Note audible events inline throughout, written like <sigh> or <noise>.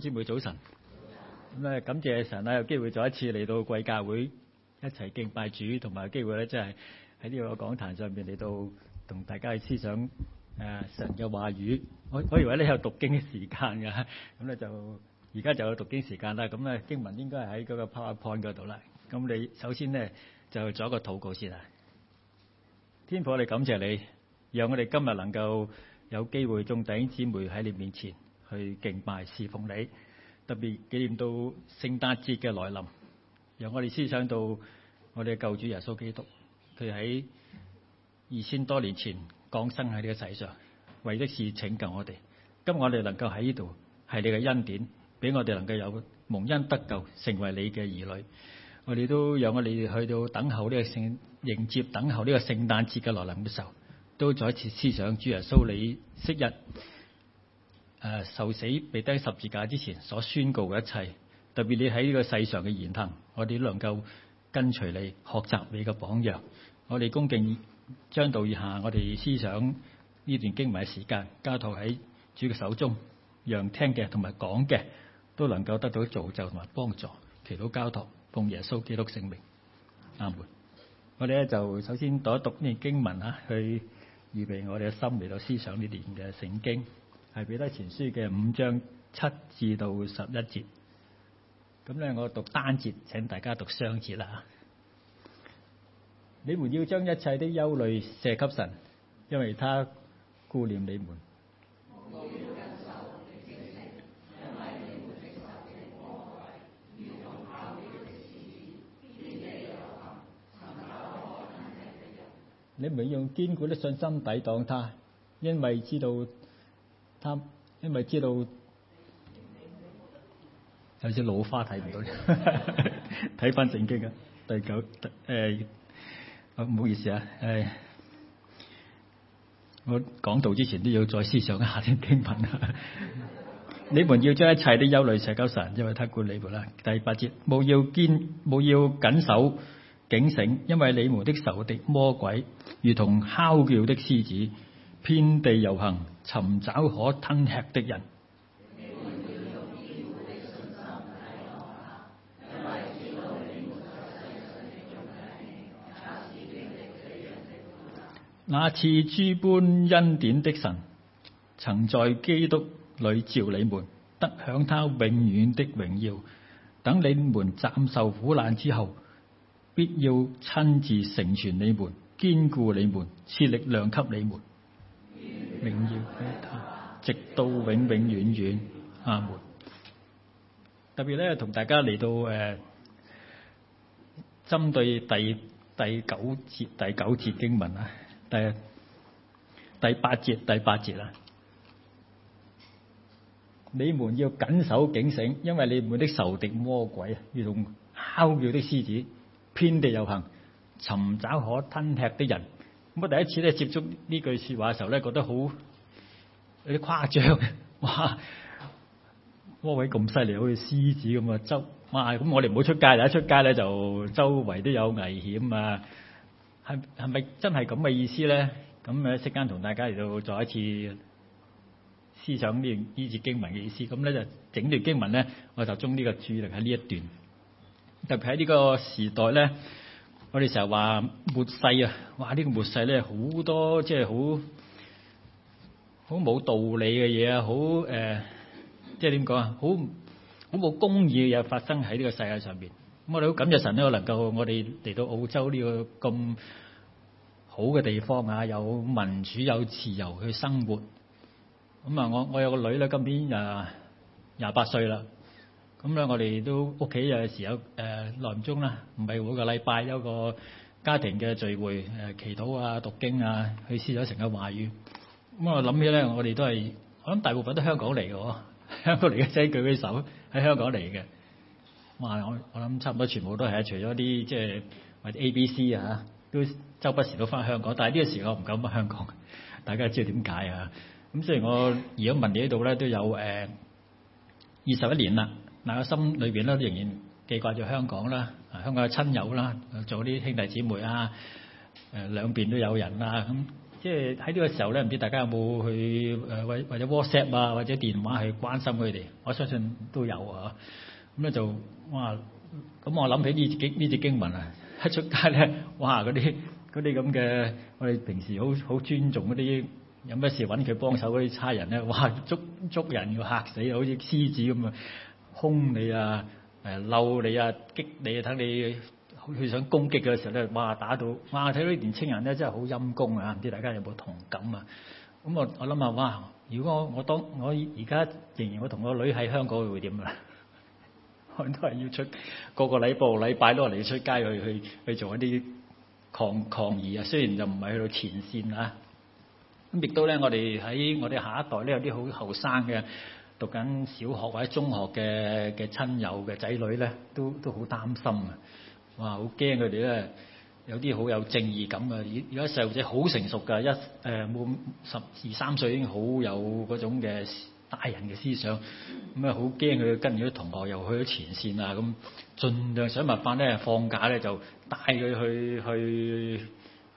姊妹早晨，咁、嗯、咧感謝神啊，有機會再一次嚟到貴教會一齊敬拜主，同埋有機會咧，即係喺呢個講壇上邊嚟到同大家去思想誒、呃、神嘅話語。我我以為你有讀經時間噶，咁、嗯、咧就而家就有讀經時間啦。咁、嗯、咧經文應該係喺嗰個 PowerPoint 嗰度啦。咁你首先咧就做一個禱告先啦。天父，我哋感謝你，讓我哋今日能夠有機會，眾弟兄姊妹喺你面前。去敬拜侍奉你，特別紀念到聖誕節嘅來臨，由我哋思想到我哋嘅救主耶穌基督，佢喺二千多年前降生喺呢個世上，為的是拯救我哋。今日我哋能夠喺呢度，係你嘅恩典，俾我哋能夠有蒙恩得救，成為你嘅兒女。我哋都讓我哋去到等候呢個聖迎接、等候呢個聖誕節嘅來臨嘅時候，都再一次思想主耶穌你昔日。誒受死被釘十字架之前所宣告嘅一切，特別你喺呢個世上嘅言行，我哋都能夠跟隨你，學習你嘅榜樣，我哋恭敬將道以下，我哋思想呢段經文嘅時間交託喺主嘅手中，讓聽嘅同埋講嘅都能夠得到造就同埋幫助。祈禱交託奉耶穌基督聖名，阿門。我哋咧就首先讀一讀呢經文啊，去預備我哋嘅心嚟到思想呢段嘅聖經。係彼得前書嘅五章七至到十一節，咁咧我讀單節，請大家讀雙節啦。你們要將一切的憂慮卸給神，因為他顧念你們。你，深深你們用堅固的信心抵擋他，因為知道。他，因為知道。有啲老花睇唔到，睇翻正經啊！第九，誒、欸，唔好意思啊，誒、欸，我講道之前都要再思想一下啲經文啊。 <laughs> 你們要將一切的憂慮卸交神，因為祂管你們啦。第八節，冇要堅，冇要謹守警醒，因為你們的仇敵魔鬼，如同吼叫的獅子。遍地遊行，尋找可吞吃的人。 <noise> 那賜諸般恩典的神，曾在基督裏召你們，得享他永遠的榮耀。等你們暫受苦難之後，必要親自成全你們，堅固你們，賜力量給你們。榮耀基督，直到永永遠遠，阿門。特別咧，同大家嚟到誒，針對第第九節第九節經文啊，第第八節第八節啦，你們要謹守警醒，因為你們的仇敵魔鬼啊，如同咆叫的獅子，遍地遊行，尋找可吞吃的人。咁啊！第一次咧接觸呢句説話嘅時候咧，覺得好有啲誇張，哇！魔鬼咁犀利，好似獅子咁啊，周哇！咁我哋唔好出街，一出街咧就周圍都有危險啊！係係咪真係咁嘅意思咧？咁一即刻同大家嚟到再一次思想呢段呢節經文嘅意思。咁咧就整段經文咧，我就將呢個注意力喺呢一段，特別喺呢個時代咧。我哋成日話末世啊！哇，呢個末世咧好多即係好好冇道理嘅嘢啊，好誒、呃，即係點講啊？好好冇公義嘅嘢發生喺呢個世界上邊。咁我哋好感謝神呢個，能夠我哋嚟到澳洲呢個咁好嘅地方啊，有民主有自由去生活。咁、嗯、啊，我我有個女咧，今年啊廿八歲啦。咁咧，我哋都屋企有時有誒，臨中啦，唔係每個禮拜有個家庭嘅聚會誒、呃，祈禱啊、讀經啊，去撕咗成個話語。咁我諗起咧，我哋都係，我諗大部分都香港嚟嘅、嗯，香港嚟嘅仔舉起手喺香港嚟嘅。哇！我我諗差唔多全部都係，除咗啲即係或者 ABC 啊，都周不時都翻香港。但係呢個時候唔敢翻香港，大家知唔知點解啊？咁、嗯、雖然我而家問你呢度咧都有誒二十一年啦。嗱，個心裏邊咧仍然記掛住香港啦，香港嘅親友啦，做啲兄弟姊妹啊，誒、呃、兩邊都有人啦。咁、嗯、即係喺呢個時候咧，唔知大家有冇去誒、呃，或或者 WhatsApp 啊，或者電話去關心佢哋？我相信都有啊。咁、嗯、咧就哇，咁我諗起呢幾呢節經文啊，一出街咧，哇！嗰啲嗰啲咁嘅我哋平時好好尊重嗰啲有咩事揾佢幫手嗰啲差人咧，哇！捉捉人要嚇死，好似獅子咁啊！兇你啊！誒、呃，嬲你啊，激你啊，等你去想攻擊嘅時候咧，哇！打到哇！睇到啲年青人咧，真係好陰功啊！唔知大家有冇同感啊？咁、嗯、我我諗下，哇！如果我，我當我而家仍然我同個女喺香港，會會點啊？ <laughs> 我都係要出個個禮拜、禮拜都嚟出街去去去做一啲抗抗議啊！雖然就唔係去到前線啊，咁、嗯、亦都咧，我哋喺我哋下一代咧，有啲好後生嘅。讀緊小學或者中學嘅嘅親友嘅仔女咧，都都好擔心啊！哇，好驚佢哋咧，有啲好有正義感啊！而而家細路仔好成熟㗎，一誒冇十二三歲已經好有嗰種嘅大人嘅思想，咁啊好驚佢跟住啲同學又去咗前線啊！咁盡量想辦法咧放假咧就帶佢去去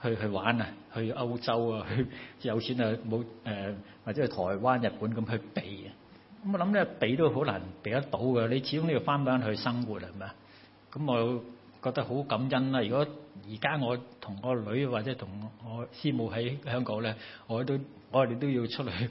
去去玩啊，去歐洲啊，去有錢啊冇誒，或者去台灣、日本咁去避啊！咁我諗咧，避都好難避得到㗎。你始終都要翻返去生活係咪啊？咁我覺得好感恩啦。如果而家我同個女或者同我師母喺香港咧，我都我哋都要出去，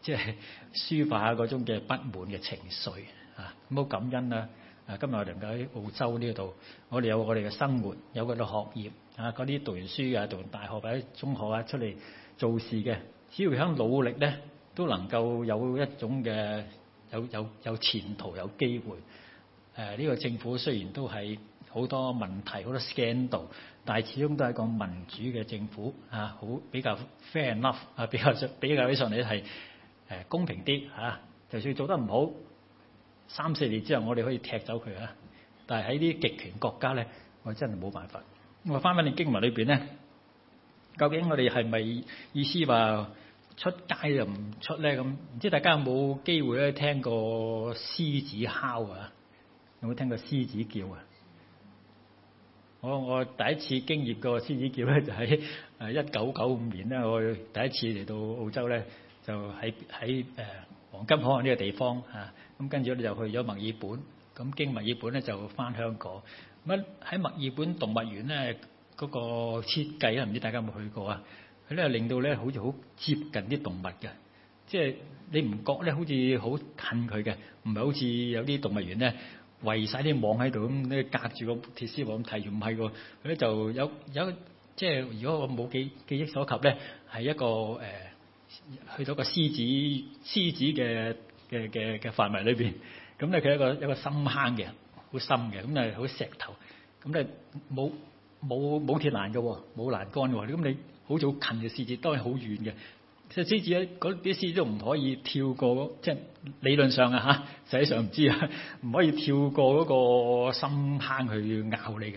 即係抒發下嗰種嘅不滿嘅情緒啊！咁好感恩啦。啊，今日我哋能夠喺澳洲呢度，我哋有我哋嘅生活，有我哋嘅學業啊，嗰啲讀完書啊，讀完大學或者中學啊，出嚟做事嘅，只要肯努力咧。都能夠有一種嘅有有有前途、有機會。誒、呃，呢、這個政府雖然都係好多問題、好多 scandal，但係始終都係一個民主嘅政府嚇、啊，好比較 fair enough 啊，比較比較起上嚟係誒公平啲嚇、啊。就算做得唔好，三四年之後我哋可以踢走佢啊。但係喺啲極權國家咧，我真係冇辦法。我翻返你經文裏邊咧，究竟我哋係咪意思話？出街又唔出咧咁，唔知大家有冇機會咧聽過獅子哮啊？有冇聽過獅子叫啊？我我第一次經驗過獅子叫咧就喺誒一九九五年咧，我第一次嚟到澳洲咧，就喺喺誒黃金海岸呢個地方嚇，咁、啊、跟住我哋就去咗墨爾本，咁經墨爾本咧就翻香港。咁喺墨爾本動物園咧嗰、那個設計啊，唔知大家有冇去過啊？佢咧令到咧好似好接近啲動物嘅，即係你唔覺咧，好似好近佢嘅，唔係好似有啲動物園咧圍晒啲網喺度咁咧隔住個鐵絲網咁睇住，唔係喎。佢咧就有有即係如果我冇記記憶所及咧，係一個誒、呃、去到個獅子獅子嘅嘅嘅嘅範圍裏邊，咁咧佢一個一個，一個深坑嘅，好深嘅咁係好石頭，咁咧冇冇冇鐵欄嘅，冇欄杆嘅，咁你。好早近嘅獅子都係好遠嘅，即係獅子咧，嗰啲獅子都唔可以跳過，即係理論上啊嚇，實際上唔知啊，唔可以跳過嗰個深坑去咬你嘅。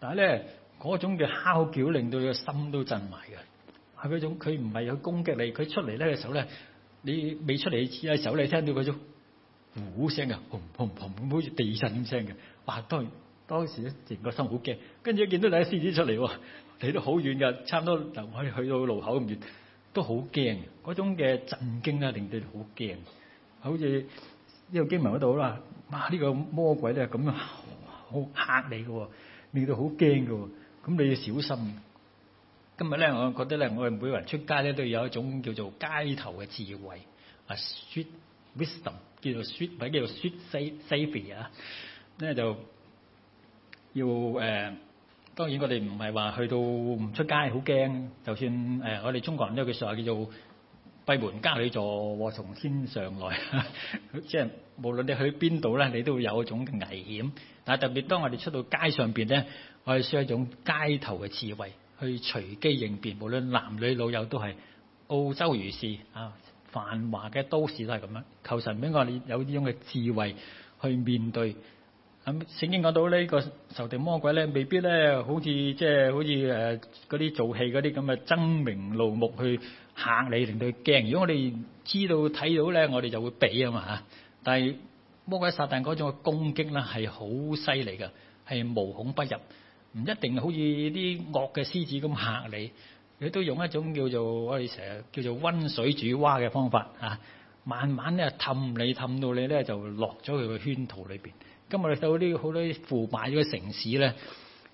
但係咧，嗰種嘅敲叫令到你個心都震埋嘅，係嗰種佢唔係有攻擊你，佢出嚟咧嘅時候咧，你未出嚟嘅時候你聽到嗰種呼聲啊，砰砰好似地震咁聲嘅，哇！當當時咧成個心好驚，跟住一見到你一獅子出嚟喎。起都好遠噶，差唔多嗱，可以去到路口咁遠，都好驚嘅。嗰種嘅震驚啊，令到你好驚，好似呢個經文嗰度啦，哇！呢個魔鬼咧咁樣好嚇你嘅，令到好驚嘅。咁你要小心。今日咧，我覺得咧，我哋每個人出街咧，都有一種叫做街頭嘅智慧啊，street wisdom，叫做 street 或者叫做 street safe safety 啊，咧就要誒。呃當然，我哋唔係話去到唔出街好驚。就算誒、呃，我哋中國人都有句説話叫做「閉門家裏坐，禍從天上來，」 <laughs> 即係無論你去邊度咧，你都會有一種危險。但係特別當我哋出到街上邊咧，我哋需要一種街頭嘅智慧，去隨機應變。無論男女老幼都係，澳洲如是啊，繁華嘅都市都係咁樣。求神俾我哋有呢種嘅智慧去面對。咁聖經講到呢、這個仇敵魔鬼咧，未必咧，好似即係好似誒嗰啲做戲嗰啲咁嘅猙獰怒目去嚇你，令到佢驚。如果我哋知道睇到咧，我哋就會避啊嘛嚇。但係魔鬼撒旦嗰種攻擊咧係好犀利嘅，係無孔不入，唔一定好似啲惡嘅獅子咁嚇你，佢都用一種叫做我哋成日叫做温水煮蛙嘅方法嚇、啊，慢慢咧氹你氹到你咧就落咗佢個圈套裏邊。今日你睇到啲好多啲腐敗咗嘅城市咧，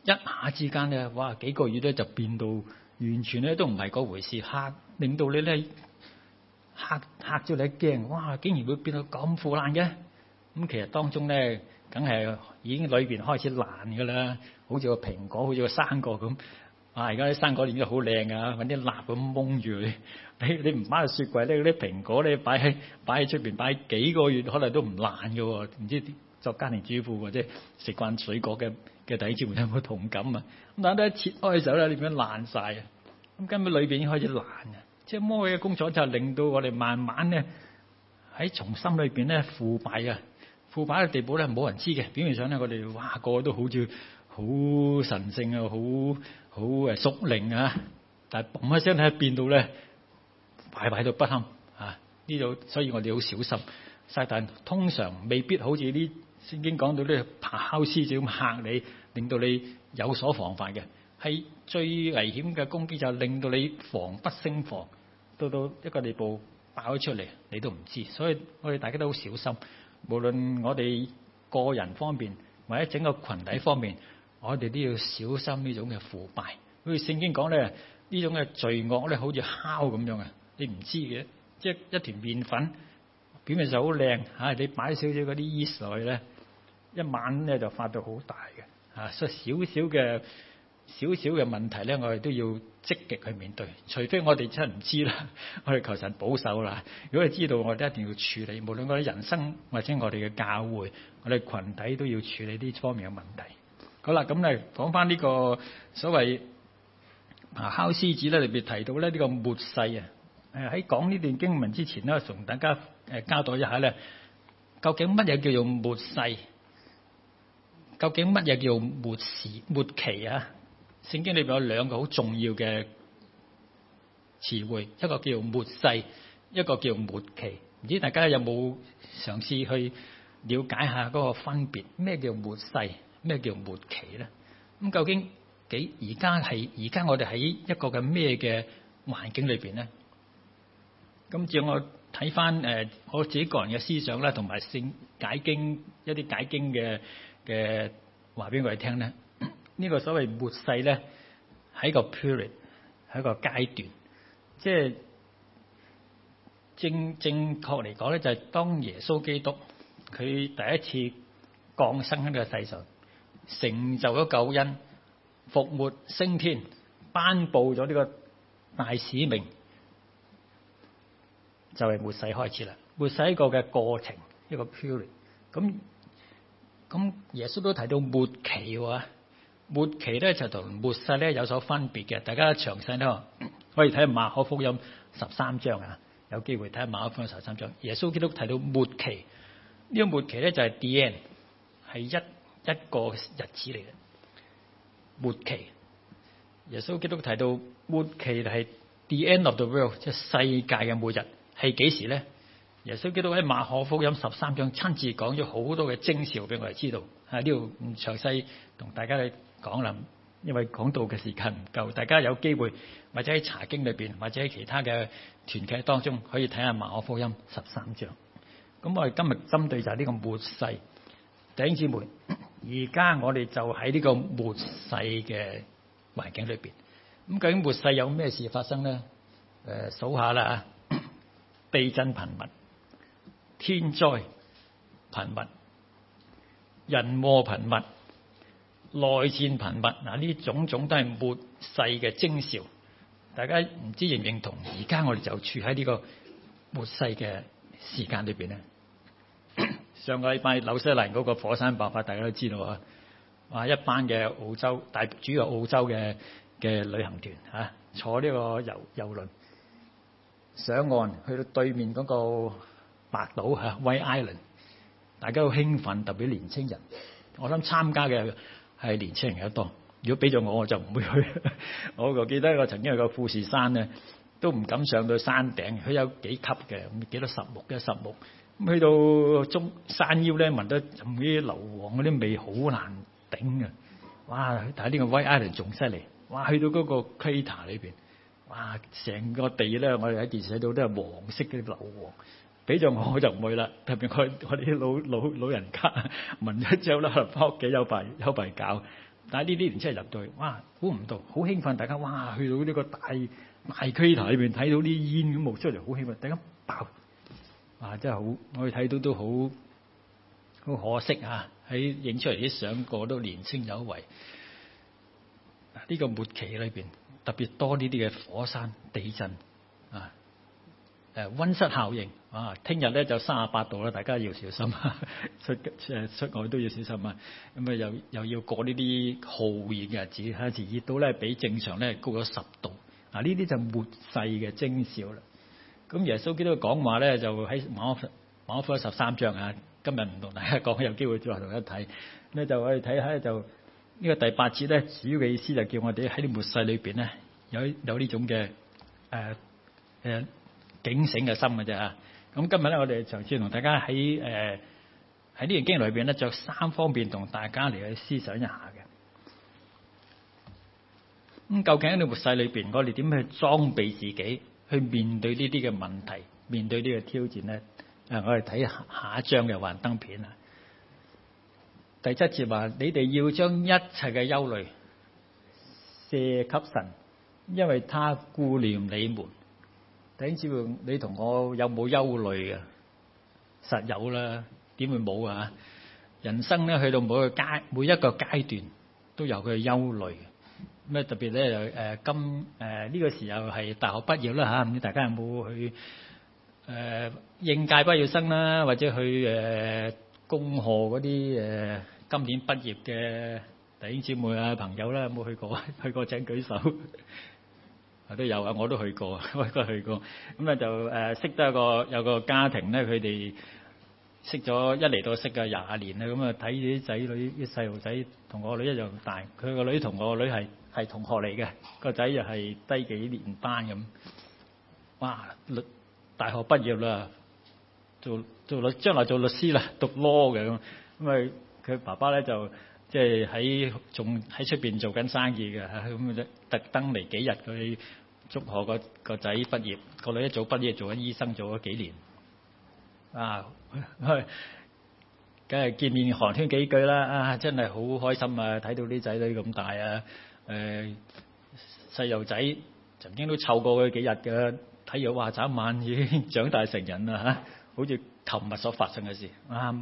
一下之間咧，哇幾個月咧就變到完全咧都唔係嗰回事，嚇！令到你咧嚇嚇咗你驚，哇！竟然會變到咁腐爛嘅咁，其實當中咧梗係已經裏邊開始爛噶啦，好似個蘋果，好似個生果咁啊。而家啲生果已經好靚噶，揾啲蠟咁蒙住你。你唔擺喺雪櫃咧，嗰啲蘋果咧擺喺擺喺出邊擺幾個月，可能都唔爛噶喎，唔知作家庭主婦或者，食慣水果嘅嘅弟兄們有冇同感啊？咁但係切開嘅時候咧，你見佢爛晒啊！咁根本裏邊已經開始爛嘅，即係魔鬼嘅工作就令到我哋慢慢咧喺從心裏邊咧腐敗嘅，腐敗嘅地步咧冇人知嘅。表面上咧我哋哇個個都好似好神聖啊，好好誒屬靈啊，但係嘣一聲咧變到咧敗壞到不堪啊！呢度所以我哋好小心，但係通常未必好似呢。聖經講到呢，咆哮獅子就咁吓你，令到你有所防範嘅。係最危險嘅攻擊就係令到你防不勝防，到到一個地步爆咗出嚟，你都唔知。所以我哋大家都好小心，無論我哋個人方面，或者整個群體方面，我哋都要小心呢種嘅腐敗。好似聖經講咧，呢種嘅罪惡咧，好似酵咁樣啊，你唔知嘅，即係一團麵粉。表面就好靚，嚇、啊、你擺少少嗰啲依士落去，一晚咧就發到好大嘅，嚇、啊！所以少少嘅少少嘅問題咧，我哋都要積極去面對，除非我哋真係唔知啦，我哋求神保守啦。如果你知道，我哋一定要處理，無論我哋人生或者我哋嘅教會，我哋群體都要處理呢方面嘅問題。好啦，咁嚟講返呢個所謂啊烤獅子咧，裏邊提到咧呢、呢個末世啊。誒，喺講呢段經文之前咧，同大家誒交代一下咧，究竟乜嘢叫做末世？究竟乜嘢叫末時末期啊？聖經裏邊有兩個好重要嘅詞彙，一個叫末世，一個叫末期。唔知大家有冇嘗試去了解下嗰個分別？咩叫末世？咩叫末期咧？咁究竟幾而家係而家？我哋喺一個嘅咩嘅環境裏邊咧？咁只要我睇翻誒我自己個人嘅思想啦，同埋聖解經一啲解經嘅嘅話俾佢哋聽咧，呢個所謂末世咧，喺個 period，係一個階段，即係正正確嚟講咧，就係當耶穌基督佢第一次降生喺個世上，成就咗救恩，復活升天，頒布咗呢個大使命。就係末世開始啦。末世一個嘅過程，一個 period。咁咁，耶穌都提到末期喎。末期咧就同末世咧有所分別嘅。大家詳細咧可以睇下馬可福音十三章啊。有機會睇下馬可福音十三章，耶穌基督提到末期呢個末期咧就係 the end 係一一個日子嚟嘅末期。耶穌基督提到末期係 the end of the world，即係世界嘅末日。係幾時咧？耶穌基督喺《馬可福音》十三章親自講咗好多嘅徵兆俾我哋知道。啊，呢度唔詳細同大家去講啦，因為講道嘅時間唔夠。大家有機會或者喺查經裏邊，或者喺其他嘅團契當中，可以睇下《馬可福音》十三章。咁我哋今日針對就係呢個末世，弟兄姊妹。而家我哋就喺呢個末世嘅環境裏邊。咁究竟末世有咩事發生咧？誒、呃，數下啦啊！地震頻密，天災頻密，人禍頻密，內戰頻密。嗱，呢啲種種都係末世嘅徵兆。大家唔知認唔認同？而家我哋就處喺呢個末世嘅時間裏邊咧。上個禮拜紐西蘭嗰個火山爆發，大家都知道啊，話一班嘅澳洲，大主要澳洲嘅嘅旅行團啊，坐呢個遊遊輪。上岸去到對面嗰個白島嚇 White Island 大家好興奮，特別年青人。我想參加嘅係年青人有多。如果俾咗我，我就唔會去。 <laughs> 我就記得我曾經去個富士山咧，都唔敢上到山頂，佢有幾級嘅，幾多石木嘅石木。咁去到中山腰咧，聞到啲硫磺嗰啲味好難頂嘅。哇！但係呢個 White Island 仲犀利。哇！去到嗰個 crater 裏邊。哇！成個地咧，我哋喺電視睇到都係黃色嗰啲硫磺，俾咗我我就唔去啦。特別我我啲老老老人家，聞咗之後啦，翻屋企有排有排搞。但係呢啲唔年青入到去，哇！估唔到好興奮，大家哇去到呢個大大區台裏邊睇到啲煙咁冒出嚟，好興奮，突然間爆！哇！真係好，我哋睇到都好好可惜嚇、啊，喺影出嚟啲相個都年青有為。呢、這個末期裏邊。特別多呢啲嘅火山地震啊，誒溫室效應啊，聽日咧就三十八度啦，大家要小心呵呵出誒出外都要小心啊。咁啊又又要過呢啲酷熱嘅日子，有陣時熱到咧比正常咧高咗十度。啊呢啲就末世嘅徵兆啦。咁耶穌基督講話咧就喺馬馬可福音十三章啊，今日唔同大家講，有機會再同度一睇咧就我哋睇下就。呢個第八節咧，主要嘅意思就叫我哋喺呢末世裏邊咧，有有呢種嘅誒誒警醒嘅心嘅啫啊！咁今日咧，我哋嘗試同大家喺誒喺呢段經裏邊咧，著三方面同大家嚟去思想一下嘅。咁、嗯、究竟喺呢末世裏邊，我哋點去裝備自己，去面對呢啲嘅問題，面對呢個挑戰咧？誒、呃，我哋睇下一張嘅幻燈片啊！第七節話：你哋要將一切嘅憂慮卸給神，因為他顧念你們。頂住，你同我有冇憂慮嘅？實有啦，點會冇啊？人生咧，去到每個階每一個階段都有佢嘅憂慮嘅。咁啊，特別咧，誒今誒呢個時候係大學畢業啦嚇，唔知大家有冇去誒應屆畢業生啦，或者去誒？恭賀嗰啲誒今年畢業嘅弟兄姊妹啊、朋友啦，有冇去過？ <laughs> 去過請舉手。都 <laughs> 有啊，我都去過，我都去過。咁啊就誒、呃、識得一個有一個家庭咧，佢哋識咗一嚟到識嘅廿年啦。咁啊睇住啲仔女啲細路仔，同我個女一樣大。佢個女同我個女係係同學嚟嘅，個仔又係低幾年班咁。哇！大學畢業啦，做～做律，將來做律師啦，讀 law 嘅咁。咁啊，佢爸爸咧就即係喺仲喺出邊做緊生意嘅嚇咁嘅啫。特登嚟幾日去祝賀個個仔畢業。個女一早畢業做緊醫生做咗幾年。啊，去，梗係見面寒暄幾句啦。啊，真係好開心啊！睇到啲仔女咁大啊。誒，細路仔曾經都湊過佢幾日嘅，睇住哇，就一晚已經長大成人啦嚇，好似～琴日所發生嘅事，啱、啊、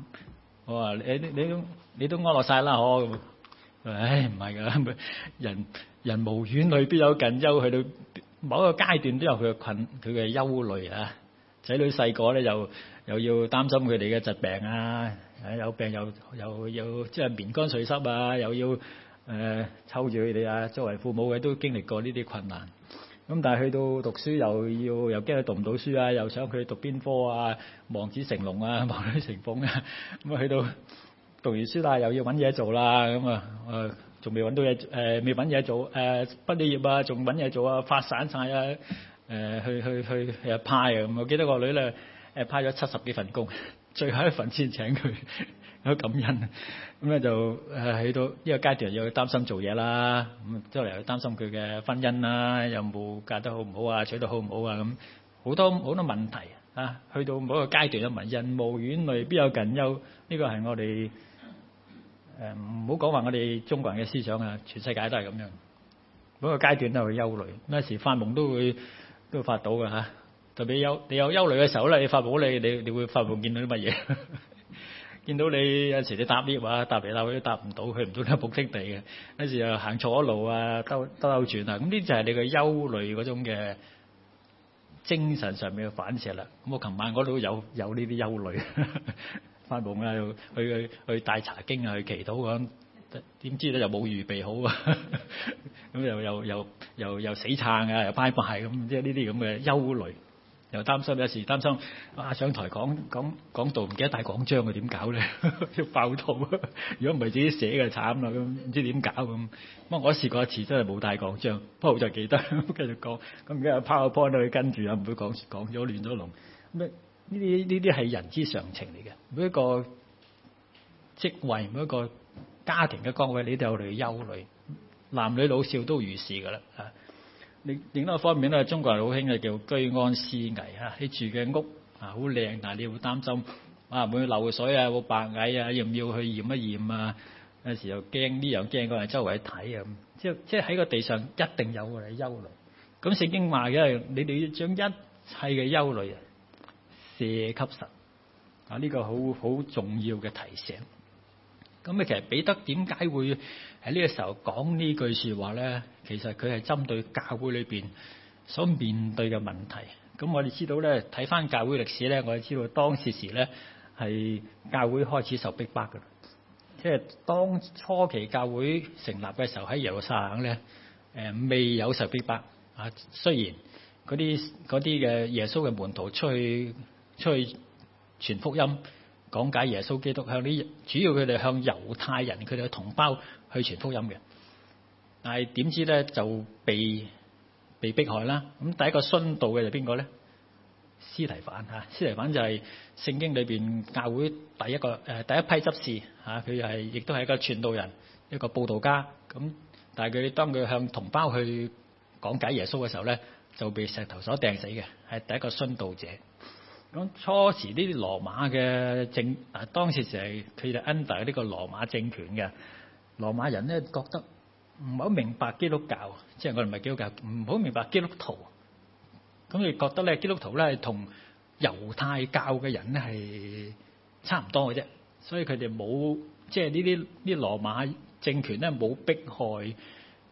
我話你你你都你都安樂晒啦，我、啊，唉、哎，唔係㗎，人人，無遠慮必有近憂，去到某一個階段都有佢嘅困佢嘅憂慮啊！仔女細個咧又又要擔心佢哋嘅疾病啊，誒有病又又又即係棉乾絮濕啊，又要誒湊住佢哋啊，作為父母嘅都經歷過呢啲困難。咁但係去到讀書又要又驚佢讀唔到書啊，又想佢讀邊科啊，望子成龍啊，望女成鳳啊。咁啊，去到讀完書但係又要揾嘢做啦。咁、嗯、啊，誒仲未揾到嘢誒，未揾嘢做誒、呃，畢咗業啊，仲揾嘢做啊，發散晒啊誒，去去去誒派啊。咁、嗯、我記得個女咧誒派咗七十幾份工。最後一份先請佢，有 <laughs> 感恩咁咧就誒、啊、去到呢個階段又要擔心做嘢啦，咁之後嚟又去擔心佢嘅婚姻啦，有冇嫁得好唔好啊，娶得好唔好啊，咁、嗯、好多好多問題啊！去到每個階段啊，人無遠慮，必有近憂，呢、這個係我哋誒唔好講話我哋中國人嘅思想啊，全世界都係咁樣，每、那個階段都會憂慮，咩時發夢都會都會發到嘅嚇。啊。特別有你有憂慮嘅時候咧，你發夢咧，你你會發夢見到啲乜嘢？ <laughs> 見到你有時你搭 lift 啊，搭嚟搭去都搭唔到，去唔到啲目的地嘅，有時又行錯咗路啊，兜兜轉啊，咁呢就係你嘅憂慮嗰種嘅精神上面嘅反射啦。咁我琴晚我都有有呢啲憂慮， <laughs> 發夢啊，去去去帶查經啊，去祈禱咁，點知咧又冇預備好啊，咁 <laughs> 又又又又又，又死撐啊，又拜拜咁，即係呢啲咁嘅憂慮。又擔心，有時擔心，哇！上台講講講道，唔記得帶講章啊，點搞咧？ <laughs> 要爆肚啊！如果唔係自己寫嘅，就慘啦，咁唔知點搞咁。不過我試過一次，真係冇帶講章，不過我就記得 <laughs> 繼續講。咁而家拋個 point 去跟住，又唔會講講咗亂咗龍。咩？呢啲呢啲係人之常情嚟嘅。每一個職位，每一個家庭嘅崗位，你都有你憂慮。男女老少都如是㗎啦，啊！另一個方面咧，中國人好興嘅叫居安思危嚇，你住嘅屋啊好靚，但係你要擔心啊，會漏水啊，會白蟻啊，要唔要去驗一驗啊？有時又驚呢樣又驚過嚟周圍睇啊咁。即係即係喺個地上一定有個憂慮。咁、啊、聖經話嘅，你哋要將一切嘅憂慮射啊，卸給神啊，呢個好好重要嘅提醒。咁、啊、你其實彼得點解會？喺呢個時候講呢句説話咧，其實佢係針對教會裏邊所面對嘅問題。咁我哋知道咧，睇翻教會歷史咧，我哋知道當時時咧係教會開始受逼迫嘅，即係當初期教會成立嘅時候喺耶路撒冷咧，誒、呃、未有受逼迫啊。雖然嗰啲啲嘅耶穌嘅門徒出去出去傳福音。講解耶穌基督向呢，主要佢哋向猶太人佢哋嘅同胞去傳福音嘅，但係點知咧就被被迫害啦。咁第一個殉道嘅就係邊個咧？司提反吓，司提反就係聖經裏邊教會第一個誒第一批執事吓，佢係亦都係一個傳道人，一個佈道家。咁但係佢當佢向同胞去講解耶穌嘅時候咧，就被石頭所掟死嘅，係第一個殉道者。咁初時呢啲羅馬嘅政啊，當時就係佢哋 under 呢個羅馬政權嘅羅馬人咧，覺得唔好明白基督教，即係我哋唔係基督教，唔好明白基督徒。咁佢覺得咧，基督徒咧同猶太教嘅人咧係差唔多嘅啫，所以佢哋冇即係呢啲呢羅馬政權咧冇迫害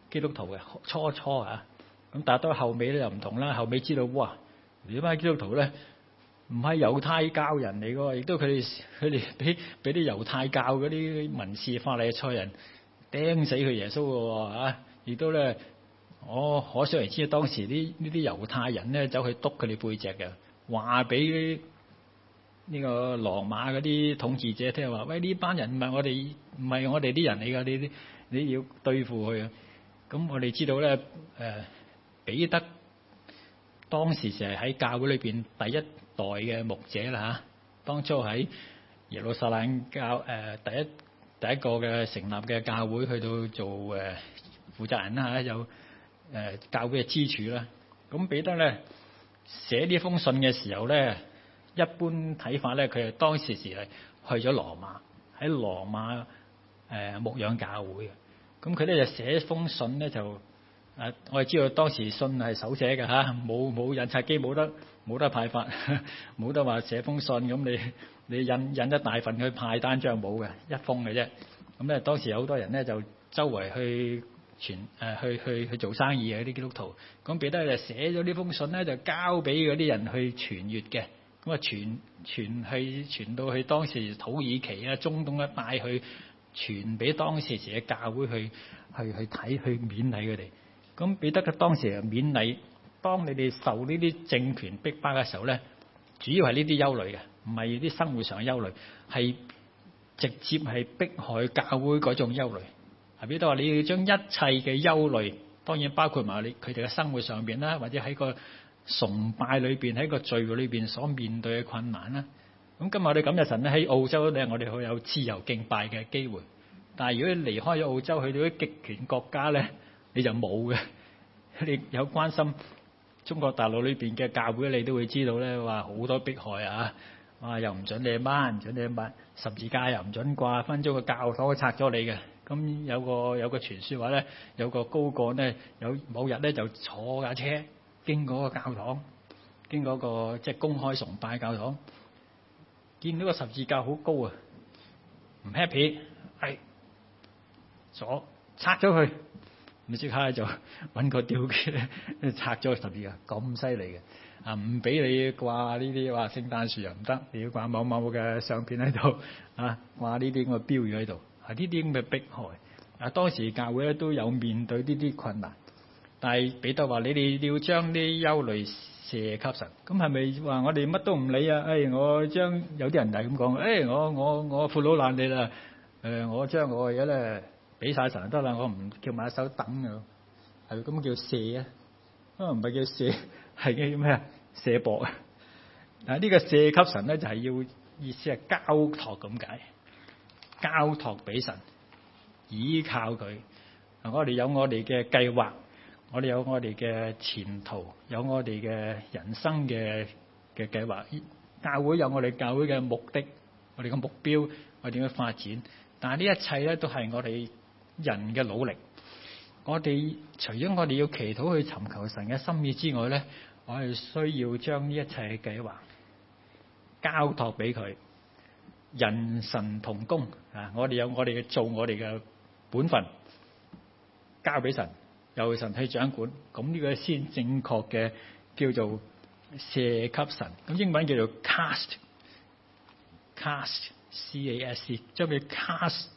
基督徒嘅初初啊。咁但係到後尾咧又唔同啦，後尾知道哇，點解基督徒咧。唔係猶太教人嚟噶，亦都佢哋佢哋俾俾啲猶太教嗰啲文士、法利賽人釘死佢耶穌噶喎，亦都咧，我可想而知當時啲呢啲猶太人咧走去督佢哋背脊嘅話，俾呢個羅馬嗰啲統治者聽話，喂，呢班人唔係我哋唔係我哋啲人嚟噶，你啲你要對付佢。咁我哋知道咧，誒彼得當時成日喺教會裏邊第一代嘅牧者啦吓、啊，當初喺耶路撒冷教誒、呃、第一第一個嘅成立嘅教會去到做誒、呃、負責人啦嚇、啊，有誒、呃、教會嘅支柱啦。咁彼得咧寫呢封信嘅時候咧，一般睇法咧，佢係當時時係去咗羅馬，喺羅馬誒、呃、牧養教會嘅。咁佢咧就寫封信咧就。誒，我係知道當時信係手寫嘅吓，冇冇印刷機，冇得冇得派發，冇得話寫封信咁。你你印印一大份去派單張冇嘅，一封嘅啫。咁咧，當時有好多人咧，就周圍去傳誒、呃、去去去，去，去，去做生意嘅啲基督徒。咁彼得就寫咗呢封信咧，就交俾嗰啲人去傳閱嘅。咁啊，傳傳去傳到去當時，時土耳其啊、中東啊，帶去傳俾當時時嘅教會去去去睇去，去，去勉勵佢哋。咁彼得嘅當時啊，勉勵，當你哋受呢啲政權逼迫嘅時候咧，主要係呢啲憂慮嘅，唔係啲生活上嘅憂慮，係直接係迫害教會嗰種憂慮。係彼得話你要將一切嘅憂慮，當然包括埋你佢哋嘅生活上邊啦，或者喺個崇拜裏邊，喺個聚會裏邊所面對嘅困難啦。咁今日我哋咁嘅神咧喺澳洲，你我哋好有自由敬拜嘅機會。但係如果你離開咗澳洲去到啲極權國家咧，你就冇嘅。你有關心中國大陸呢邊嘅教會，你都會知道咧，話好多迫害啊！哇，又唔准你掹，唔准你掹十字架，又唔准掛，分鐘個教堂都拆咗你嘅。咁有個有個傳説話咧，有個高幹咧，有某日咧就坐架車經過個教堂，經過個即係公開崇拜教堂，見到個十字架好高啊，唔 happy，係，所拆咗佢。即刻佢就揾個吊機拆咗十二架咁犀利嘅啊！唔俾你掛呢啲話，聖誕樹又唔得，你要掛某某嘅相片喺度啊！掛呢啲咁嘅標語喺度，係呢啲咁嘅迫害。啊，當時教會咧都有面對呢啲困難，但係彼得話：你哋要將啲憂慮卸給神。咁係咪話我哋乜都唔理啊？誒、哎，我將有啲人就係咁講，誒、哎，我我我苦惱難你啦，誒、呃，我將我嘅嘢咧。俾晒神得啦，我唔叫埋手等啊，係咁叫射啊，啊唔係叫射，係叫咩啊？射博啊！嗱，呢個射給神咧，就係要意思係交託咁解，交託俾神，依靠佢。我哋有我哋嘅計劃，我哋有我哋嘅前途，有我哋嘅人生嘅嘅計劃。教會有我哋教會嘅目的，我哋嘅目標，我哋點樣發展？但係呢一切咧，都係我哋。人嘅努力，我哋除咗我哋要祈禱去尋求神嘅心意之外咧，我係需要將呢一切嘅計劃交託俾佢，人神同工啊！我哋有我哋嘅做，我哋嘅本分交俾神，由神去掌管。咁呢個先正確嘅叫做卸給神，咁英文叫做 c a s t c a s t c a s 將佢 cast。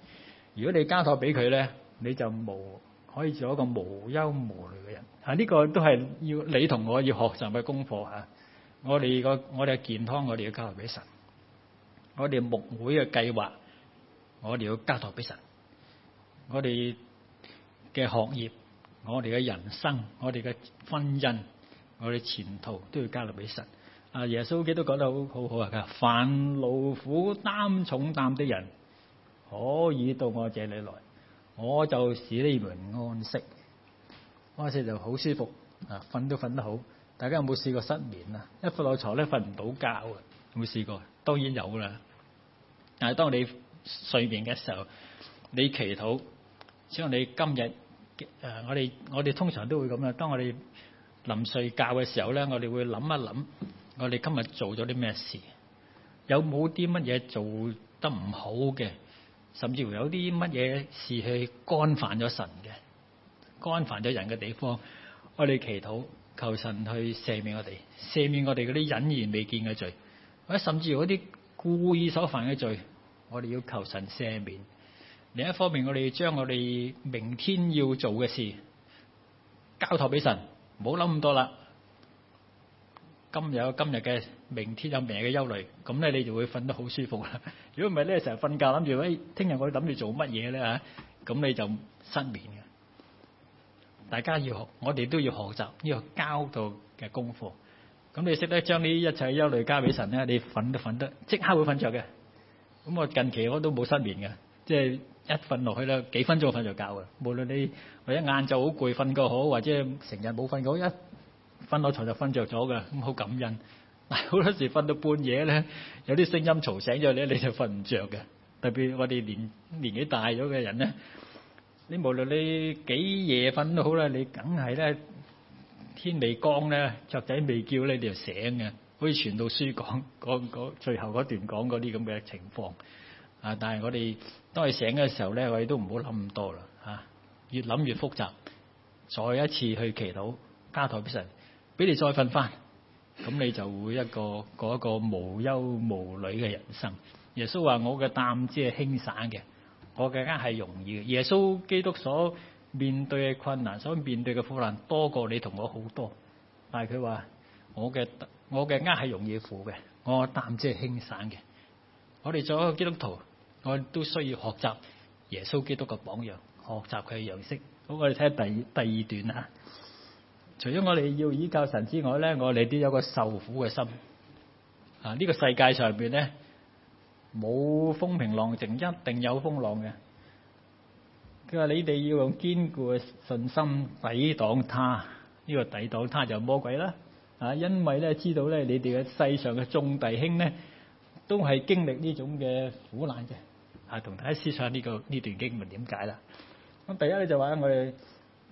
如果你交託俾佢咧，你就無可以做一個無憂無慮嘅人。吓、啊，呢、這個都係要你同我要學習嘅功課吓、啊。我哋個我哋嘅健康，我哋要交託俾神；我哋木會嘅計劃，我哋要交託俾神；我哋嘅學業，我哋嘅人生，我哋嘅婚姻，我哋前途都要交託俾神。啊，耶穌基督講得好，好好啊，噶，凡勞苦擔重擔的人。可以到我這裡來，我就使你們安息。安息就好舒服，啊，瞓都瞓得好。大家有冇試過失眠啊？一瞓落床咧，瞓唔到覺啊！有冇試過？當然有啦。但係當你睡眠嘅時候，你祈禱，禱，將你今日誒，我哋我哋通常都會咁樣，當我哋臨睡覺嘅時候咧，我哋會諗一諗，我哋今日做咗啲咩事？有冇啲乜嘢做得唔好嘅？甚至乎有啲乜嘢事去干犯咗神嘅，干犯咗人嘅地方，我哋祈禱求，求神去赦免我哋，赦免我哋啲隱然未見嘅罪，或者甚至乎啲故意所犯嘅罪，我哋要求神赦免。另一方面，我哋要將我哋明天要做嘅事交託俾神，唔好諗咁多啦。今日有今日嘅，明天有明日嘅憂慮，咁咧你就會瞓得好舒服啦。如果唔係咧，成日瞓覺諗住喂，聽日我諗住做乜嘢咧嚇？咁你就失眠嘅。大家要學，我哋都要學習呢個交道嘅功課。咁你識得將呢一切憂慮交俾神咧，你瞓都瞓得，即刻會瞓著嘅。咁我近期我都冇失眠嘅，即係一瞓落去咧，幾分鐘瞓就覺嘅。無論你或者晏晝好攰瞓個好，或者成日冇瞓個好一，瞓落床就瞓著咗嘅，咁好感恩。但係好多時瞓到半夜咧，有啲聲音嘈醒咗你，你就瞓唔著嘅。特別我哋年年紀大咗嘅人咧，你無論你幾夜瞓都好啦，你梗係咧，天未光咧，雀仔未叫咧，你就醒嘅。好似傳道書講講講最後嗰段講嗰啲咁嘅情況。啊！但係我哋當佢醒嘅時候咧，我哋都唔好諗咁多啦。吓，越諗越複雜。再一次去祈禱，交託畀神。俾你再瞓翻，咁你就會一個過一個無憂無慮嘅人生。耶穌話：我嘅擔子係輕省嘅，我嘅軛係容易嘅。耶穌基督所面對嘅困難，所面對嘅苦難多過你同我好多，但係佢話我嘅我嘅軛係容易負嘅，我嘅擔子係輕省嘅。我哋做一個基督徒，我都需要學習耶穌基督嘅榜樣，學習佢嘅樣式。好，我哋睇下第第二段啦。除咗我哋要依靠神之外咧，我哋都有個受苦嘅心。啊，呢、這個世界上邊咧冇風平浪靜，一定有風浪嘅。佢、啊、話你哋要用堅固嘅信心抵擋他，呢、這個抵擋他就魔鬼啦。啊，因為咧知道咧，你哋嘅世上嘅眾弟兄咧都係經歷呢種嘅苦難嘅。啊，同大家思想呢、這個呢段經文點解啦。咁、啊、第一咧就話我哋。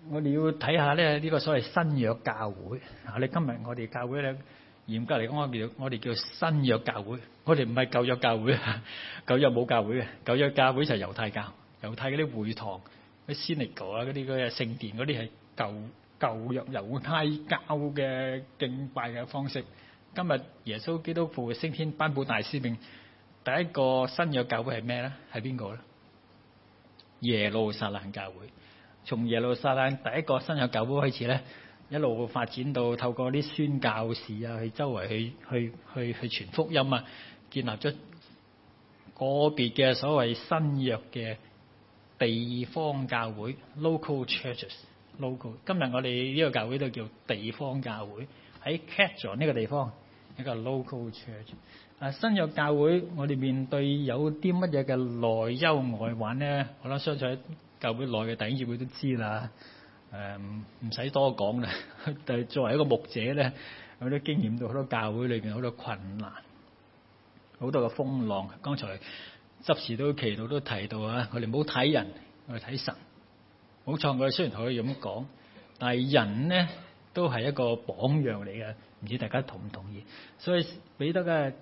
我哋要睇下咧呢個所謂新約教會啊！你今日我哋教會咧，嚴格嚟講，我叫我哋叫新約教會，我哋唔係舊約教會啊！舊約冇教會嘅，舊約教會就係猶太教，猶太嗰啲會堂、嗰啲 synagogue 啊，嗰啲嘅聖殿嗰啲係舊舊約猶太教嘅敬拜嘅方式。今日耶穌基督父升天頒布大使命，第一個新約教會係咩咧？係邊個咧？耶路撒冷教會。從耶路撒冷第一個新約教會開始咧，一路發展到透過啲宣教士啊去周圍去去去去傳福音啊，建立咗個別嘅所謂新約嘅地方教會 （local churches）。local, churches, local. 今日我哋呢個教會都叫地方教會，喺 Kensal 呢個地方一個 local church。啊，新約教會我哋面對有啲乜嘢嘅內憂外患咧？我諗，相信。教會內嘅弟兄姊妹都知啦，誒唔使多講啦。但係作為一個牧者咧，我都經驗到好多教會裏邊好多困難，好多嘅風浪。剛才執事都祈禱都提到啊，我哋唔好睇人，我哋睇神。冇錯，我雖然可以咁講，但係人咧都係一個榜樣嚟嘅，唔知大家同唔同意？所以彼得嘅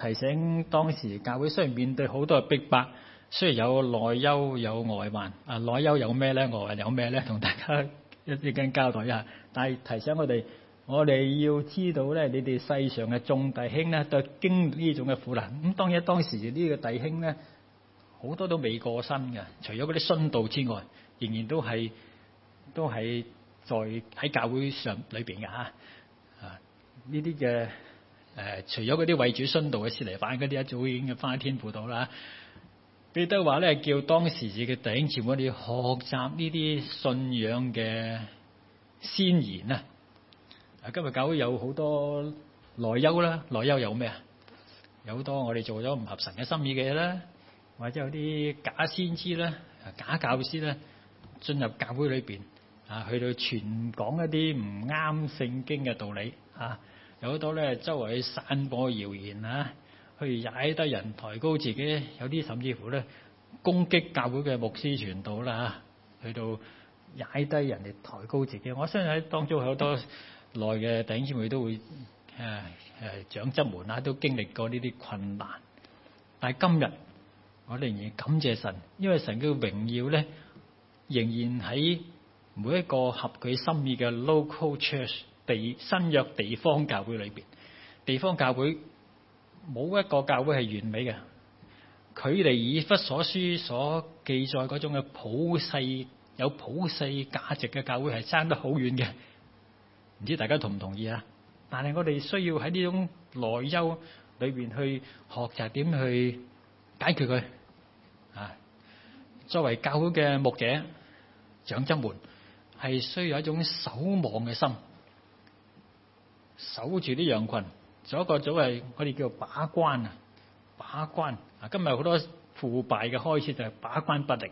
提醒，當時教會雖然面對好多嘅逼迫。雖然有內憂有外患，啊內憂有咩咧？外患有咩咧？同大家一陣間交代一下，但係提醒我哋，我哋要知道咧，你哋世上嘅眾弟兄咧都經歷呢種嘅苦難。咁當然當時呢個弟兄咧好多都未過身嘅，除咗嗰啲殉道之外，仍然都係都係在喺教會上裏邊嘅嚇。啊，呢啲嘅誒，除咗嗰啲為主殉道嘅司提反嗰啲，一早就已經翻喺天父度啦。彼得話咧，叫當時嘅弟兄前我哋學習呢啲信仰嘅先言啊！啊，今日教會有好多內憂啦，內憂有咩啊？有好多我哋做咗唔合神嘅心意嘅嘢啦，或者有啲假先知啦、假教師啦，進入教會裏邊啊，去到傳講一啲唔啱聖經嘅道理啊，有好多咧，周圍散播謠言啊！去踩低人，抬高自己，有啲甚至乎咧攻擊教會嘅牧師傳道啦吓，去到踩低人哋，抬高自己。我相信喺當中好多內嘅弟兄姊妹都會誒誒長執們啊都經歷過呢啲困難，但係今日我仍然感謝神，因為神嘅榮耀咧仍然喺每一個合佢心意嘅 local church 地新約地方教會裏邊地方教會。冇一個教會係完美嘅，距離以弗所書所記載嗰種嘅普世有普世價值嘅教會係差得好遠嘅，唔知大家同唔同意啊？但係我哋需要喺呢種內憂裏邊去學習點去解決佢啊！作為教會嘅牧者長執們，係需要一種守望嘅心，守住啲羊群。做一個作為，我哋叫做把關啊，把關啊，今日好多腐敗嘅開始就係把關不力。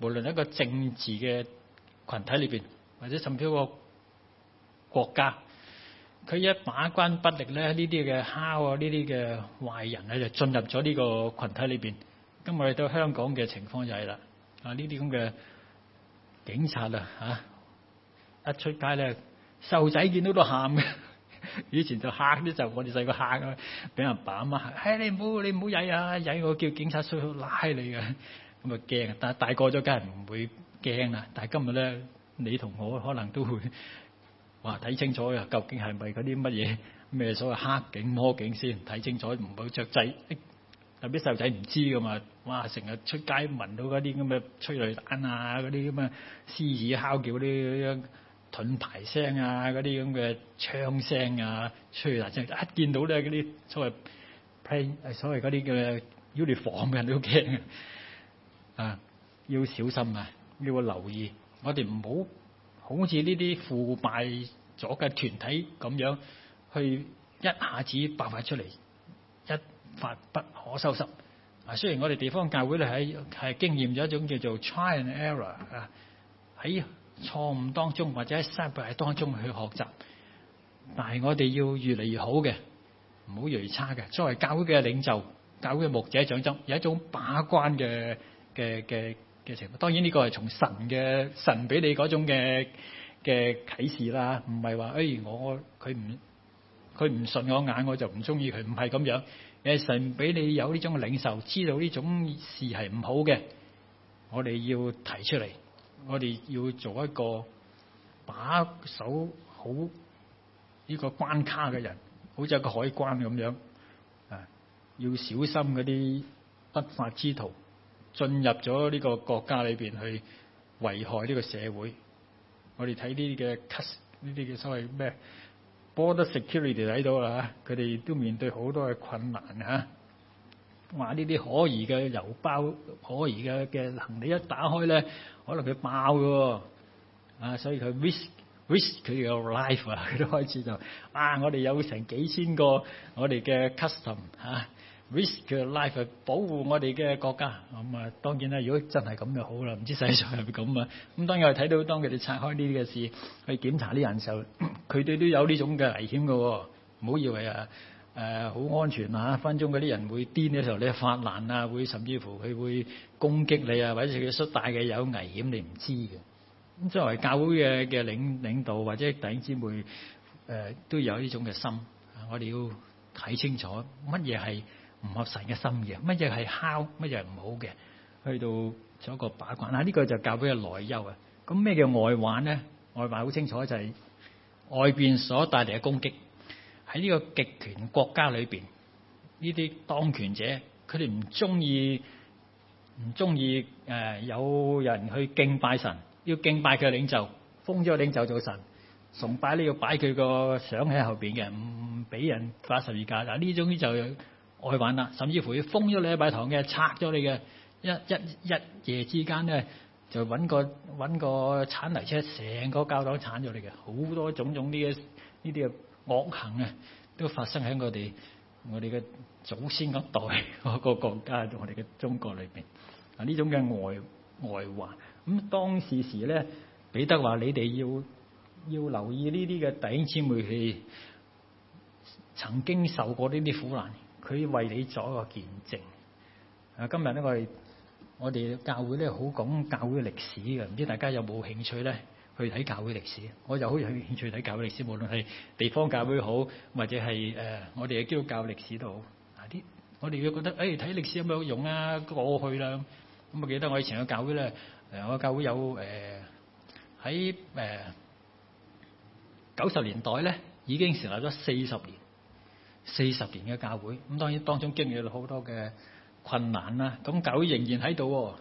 無論一個政治嘅群體裏邊，或者甚至一個國家，佢一把關不力咧，呢啲嘅蝦啊，呢啲嘅壞人咧就進入咗呢個群體裏邊。今日嚟到香港嘅情況就係、是、啦，啊呢啲咁嘅警察啊，嚇一出街咧，細路仔見到都喊嘅。以前就嚇啲就我哋細個嚇啊，俾阿爸阿媽嚇，唉你唔好你唔好曳啊，曳我叫警察叔叔拉你啊，咁啊驚。但係大個咗梗係唔會驚啦。但係今日咧，你同我可能都會，哇睇清楚嘅究竟係咪嗰啲乜嘢咩所謂黑警魔警先睇清楚，唔好著制。有啲細路仔唔知噶嘛，哇成日出街聞到嗰啲咁嘅催淚彈啊，嗰啲咁嘅獅子敲叫啲盾牌聲啊，嗰啲咁嘅槍聲啊、吹嗱聲，一見到咧啲所謂 plain，係所謂嗰啲嘅 Uniform 嘅人都驚啊，要小心啊，要留意。我哋唔好好似呢啲腐敗咗嘅團體咁樣，去一下子爆發出嚟，一發不可收拾。啊，雖然我哋地方教會咧係係經驗咗一種叫做 try and error 啊，喺，錯誤當中或者失敗當中去學習，但係我哋要越嚟越好嘅，唔好越嚟越差嘅。作為教會嘅領袖，教會嘅牧者長執，有一種把關嘅嘅嘅嘅情況。當然呢個係從神嘅神俾你嗰種嘅嘅啟示啦，唔係話誒，我佢唔佢唔順我眼我就唔中意佢，唔係咁樣。誒神俾你有呢種領袖，知道呢種事係唔好嘅，我哋要提出嚟。我哋要做一個把守好呢個關卡嘅人，好似一個海關咁樣，啊，要小心嗰啲不法之徒進入咗呢個國家裏邊去危害呢個社會。我哋睇呢啲嘅 cut 呢啲嘅所謂咩 border security 睇到啦嚇，佢哋都面對好多嘅困難嚇。啊話呢啲可疑嘅郵包、可疑嘅嘅行李一打開咧，可能佢爆㗎喎，啊！所以佢 risk risk 佢嘅 life 啊，佢都開始就啊，我哋有成幾千個我哋嘅 custom 嚇、啊、，risk 佢嘅 life 保護我哋嘅國家。咁啊，當然啦，如果真係咁就好啦，唔知實際上係咪咁啊？咁當然係睇到當佢哋拆開呢啲嘅事去檢查啲人時候，佢哋都有呢種嘅危險㗎，唔、啊、好以為啊～誒好安全啊！分鐘嗰啲人會癲嘅時候，你發難啊，會甚至乎佢會攻擊你啊，或者佢失帶嘅有危險，你唔知嘅。咁作為教會嘅嘅領領導或者弟兄姊妹，誒都有呢種嘅心，我哋要睇清楚乜嘢係唔合神嘅心嘅，乜嘢係敲，乜嘢係唔好嘅，去到做一個把關。啊，呢個就教俾嘅內憂啊。咁咩叫外患咧？外患好清楚，就係外邊所帶嚟嘅攻擊。喺呢個極權國家裏邊，呢啲當權者佢哋唔中意，唔中意誒有人去敬拜神，要敬拜佢個領袖，封咗個領袖做神，崇拜你要擺佢個相喺後邊嘅，唔俾人拜十字架嗱，呢種嘢就愛玩啦，甚至乎要封咗你禮拜堂嘅，拆咗你嘅一一一夜之間咧，就揾個揾個鏟泥車，成個教堂鏟咗你嘅，好多種種呢嘅呢啲啊～惡行啊，都發生喺我哋我哋嘅祖先嗰代嗰個國家，我哋嘅中國裏邊。嗱呢種嘅外外患，咁當時時咧彼得話：你哋要要留意呢啲嘅弟兄姊妹係曾經受過呢啲苦難，佢為你作一個見證。啊，今日咧我哋教會咧好講教會歷史嘅，唔知大家有冇興趣咧？去睇教會歷史，我就好有興趣睇教會歷史，無論係地方教會好，或者係誒、呃、我哋嘅基督教歷史都好。嗱啲我哋如果覺得誒睇歷史有冇用啊？過去啦咁，咁啊記得我以前嘅教會咧，誒、呃、我教會有誒喺誒九十年代咧已經成立咗四十年，四十年嘅教會，咁當然當中經歷咗好多嘅困難啦、啊。咁教會仍然喺度、啊，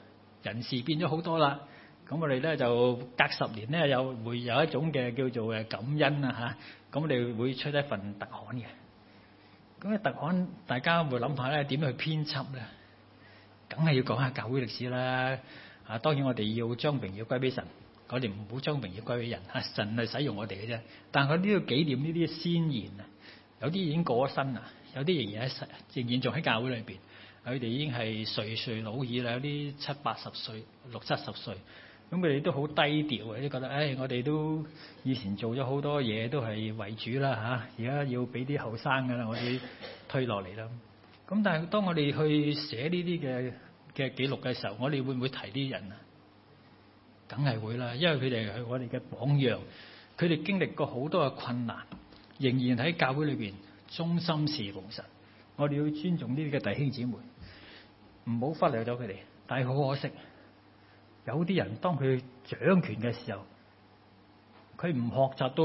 人事變咗好多啦。咁我哋咧就隔十年咧有會有一種嘅叫做嘅感恩啊嚇。咁我哋會出一份特刊嘅。咁嘅特刊，大家會諗下咧點去編輯咧？梗係要講下教會歷史啦。啊，當然我哋要將榮耀歸俾神，我哋唔好將榮耀歸俾人嚇，啊。神係使用我哋嘅啫。但佢呢個紀念呢啲先賢啊，有啲已經過咗身啦，有啲仍然喺神仍然仲喺教會裏邊，佢哋已經係垂垂老矣啦。有啲七八十歲、六七十歲。咁佢哋都好低調，都覺得，唉、哎，我哋都以前做咗好多嘢，都係為主啦嚇。而家要俾啲後生㗎啦，我哋推落嚟啦。咁但係當我哋去寫呢啲嘅嘅記錄嘅時候，我哋會唔會提啲人啊？梗係會啦，因為佢哋係我哋嘅榜樣，佢哋經歷過好多嘅困難，仍然喺教會裏邊忠心侍奉神。我哋要尊重呢啲嘅弟兄姊妹，唔好忽略咗佢哋。但係好可惜。有啲人當佢掌權嘅時候，佢唔學習到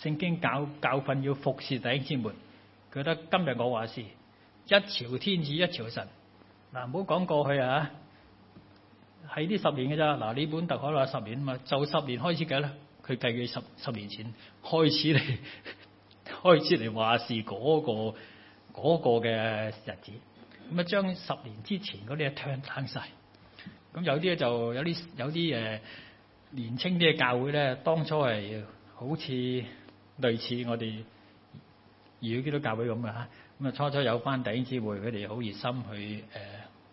聖經教教訓，要服侍弟兄姊妹。佢覺得今日我話事，一朝天子一朝臣。嗱、啊，唔好講過去啊，喺呢十年嘅咋？嗱、啊，呢本《舊約》話十年嘛，就十年開始計啦。佢計佢十十年前開始嚟，開始嚟話事嗰個、嗰個嘅日子。咁啊，將十年之前嗰啲嘢吞晒。咁有啲咧，就有啲有啲誒年青啲嘅教會咧，當初係好似類似我哋二月基督教會咁嘅吓，咁啊，初初有翻弟兄姊妹佢哋好熱心去誒、呃、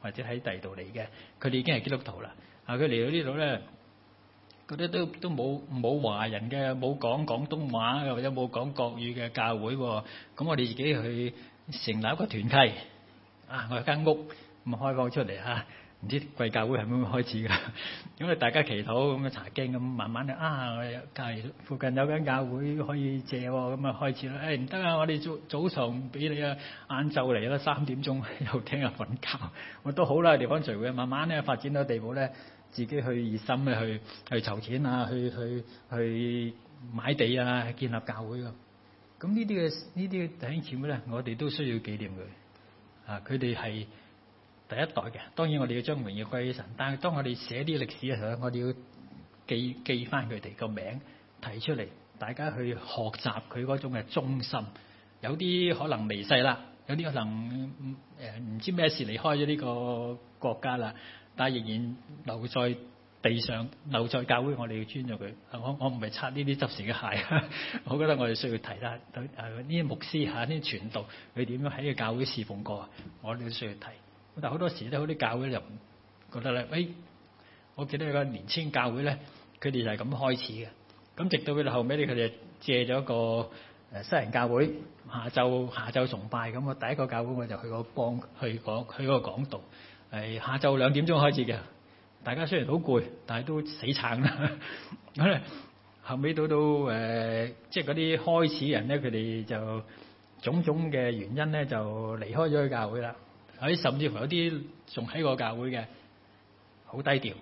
或者喺第二度嚟嘅，佢哋已經係基督徒啦。啊，佢嚟到呢度咧，嗰啲都都冇冇華人嘅，冇講廣東話嘅或者冇講國語嘅教會喎、啊。咁我哋自己去成立一個團契啊，我有間屋咁開放出嚟吓。啊唔知貴教會係點樣開始噶？因 <laughs> 為大家祈禱咁樣查經咁，慢慢啊，我隔籬附近有間教會可以借，咁、嗯、啊開始啦。誒、欸，唔得啊，我哋早早上俾你啊，晏晝嚟啦，三點鐘又聽日瞓覺。我 <laughs> 都好啦，地方聚會，慢慢咧發展到地步咧，自己去熱心咧，去去籌錢啊，去去去，去買地啊，去建立教會咯。咁呢啲嘅呢啲嘅弟兄姊妹咧，我哋都需要紀念佢。啊，佢哋係。第一代嘅，當然我哋要將榮耀歸於神。但係當我哋寫啲歷史嘅時候，我哋要記記翻佢哋個名，提出嚟，大家去學習佢種嘅忠心。有啲可能離世啦，有啲可能誒唔、呃、知咩事離開咗呢個國家啦，但係仍然留在地上，留在教會，我哋要尊重佢。我我唔係擦呢啲執事嘅鞋， <laughs> 我覺得我哋需要提啦。誒，呢啲牧師吓呢啲傳道佢點樣喺個教會侍奉過啊，我哋都需要提。但好多時咧，好啲教會就覺得咧，誒、欸，我記得有個年青教會咧，佢哋就係咁開始嘅。咁直到佢哋後尾，咧，佢哋借咗個誒西人教會，下晝下晝崇拜。咁我第一個教會我就去個幫去去個講道，係、哎、下晝兩點鐘開始嘅。大家雖然好攰，但係都死撐啦。咁 <laughs> 咧，後尾到到誒，即係嗰啲開始人咧，佢哋就種種嘅原因咧，就離開咗個教會啦。有甚至乎有啲仲喺個教會嘅，好低調，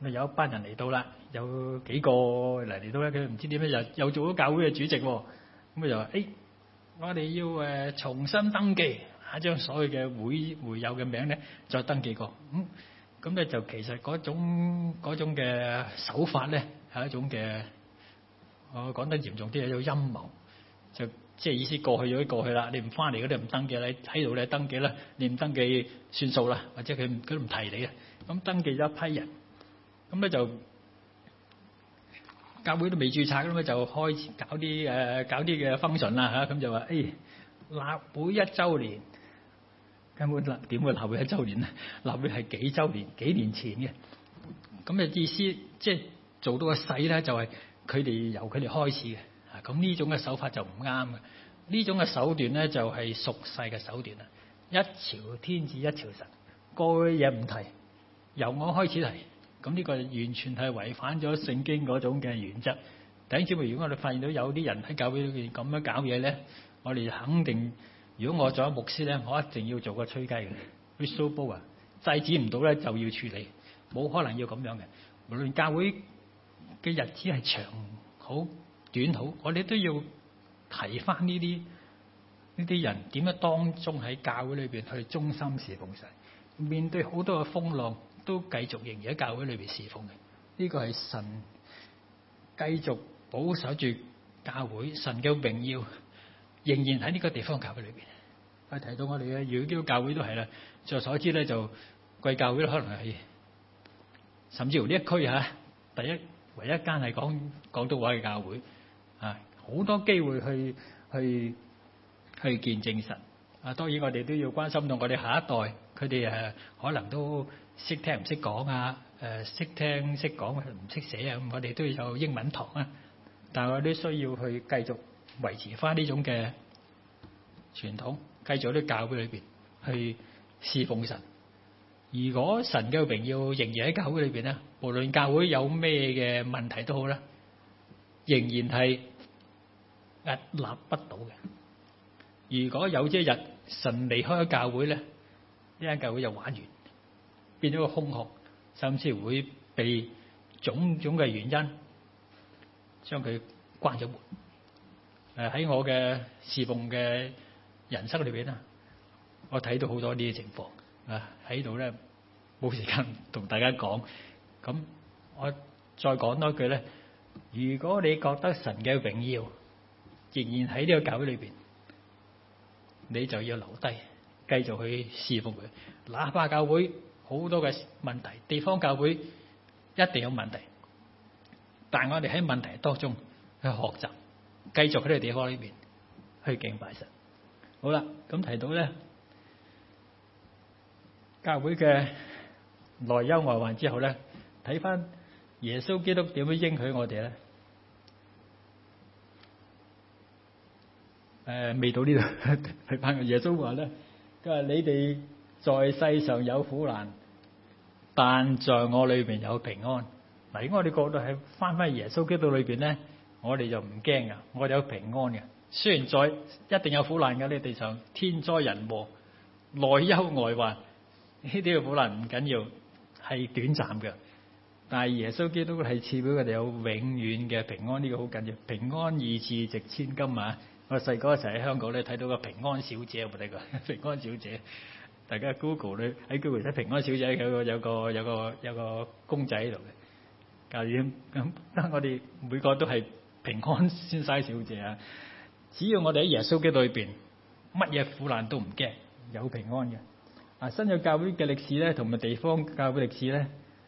咁啊有一班人嚟到啦，有幾個嚟，嚟到咧，佢唔知點咧又又做咗教會嘅主席喎。咁佢就話誒、哎、我哋要誒、呃、重新登記，啊，將所有嘅會會友嘅名咧再登記過，嗯，咁咁咧就其實嗰種，嗰種嘅手法咧係一種嘅，我講得嚴重啲啊，有陰謀就。即係意思過去咗都過去啦，你唔翻嚟嗰啲唔登記，你喺度你登記啦，你唔登記算數啦，或者佢唔佢唔提你啊。咁登記咗一批人，咁咧就教會都未註冊，咁咧就開始搞啲誒搞啲嘅 function 啦嚇，咁就話誒、哎、立會一週年，根本立點會立會一週年呢？立會係幾週年？幾年前嘅，咁嘅意思即係、就是、做到個勢咧就係佢哋由佢哋開始嘅。咁呢種嘅手法就唔啱嘅，呢種嘅手段咧就係俗世嘅手段啦。一朝天子一朝臣，個嘢唔提，由我開始提，咁呢個完全係違反咗聖經嗰種嘅原則。弟兄姊妹，如果我哋發現到有啲人喺教會裏面咁樣搞嘢咧，我哋肯定，如果我做咗牧師咧，我一定要做個吹雞嘅，whistle blow 啊，制止唔到咧就要處理，冇可能要咁樣嘅。無論教會嘅日子係長好，短好，我哋都要提翻呢啲呢啲人點樣當中喺教會裏邊去忠心事奉神，面對好多嘅風浪都繼續仍然喺教會裏邊事奉嘅。呢、這個係神繼續保守住教會，神嘅榮耀仍然喺呢個地方教會裏邊。我提到我哋嘅，如果呢個教會都係啦，就所知咧就貴教會可能係甚至乎呢一區嚇第一唯一間係講廣東話嘅教會。啊！好多機會去去去見證神啊！當然我哋都要關心到我哋下一代，佢哋誒可能都識聽唔識講啊！誒識聽識講唔識寫啊！咁我哋都要有英文堂啊，但係我哋都需要去繼續維持返呢種嘅傳統，繼續喺教會裏邊去侍奉神。如果神嘅榮耀仍然喺教會裏邊咧，無論教會有咩嘅問題都好啦，仍然係屹立不倒嘅。如果有朝一日神離開咗教會咧，呢間教會就玩完，變咗個空殼，甚至會被種種嘅原因將佢關咗門。誒，喺我嘅侍奉嘅人生裏邊啊，我睇到好多呢啲情況啊，喺度咧冇時間同大家講。咁我再講多句咧，如果你覺得神嘅榮耀，仍然喺呢個教會裏邊，你就要留低，繼續去侍奉佢。哪怕教會好多嘅問題，地方教會一定有問題，但我哋喺問題當中去學習，繼續喺呢個地方裏邊去敬拜神。好啦，咁提到咧教會嘅內憂外患之後咧，睇返耶穌基督點樣應許我哋咧？誒、呃、未到 <laughs> 呢度去翻嘅。耶穌話咧：佢話你哋在世上有苦難，但在我裏邊有平安。嗱，喺我哋角度喺翻翻耶穌基督裏邊咧，我哋就唔驚噶，我哋有平安嘅。雖然在一定有苦難嘅呢個地上，天災人禍、內憂外患呢啲嘅苦難唔緊要，係短暫嘅。但係耶穌基督係賜俾佢哋有永遠嘅平安，呢、這個好緊要。平安二字值千金啊！我細個嗰陣，喺香港咧睇到個平安小姐，有冇睇過？平安小姐，大家 Google 咧，喺 Google 睇平安小姐有，有個有個有個有個公仔喺度嘅。教主咁，我哋每個都係平安先生小姐啊！只要我哋喺耶穌基督裏邊，乜嘢苦難都唔驚，有平安嘅。啊，新約教會嘅歷史咧，同埋地方教會歷史咧，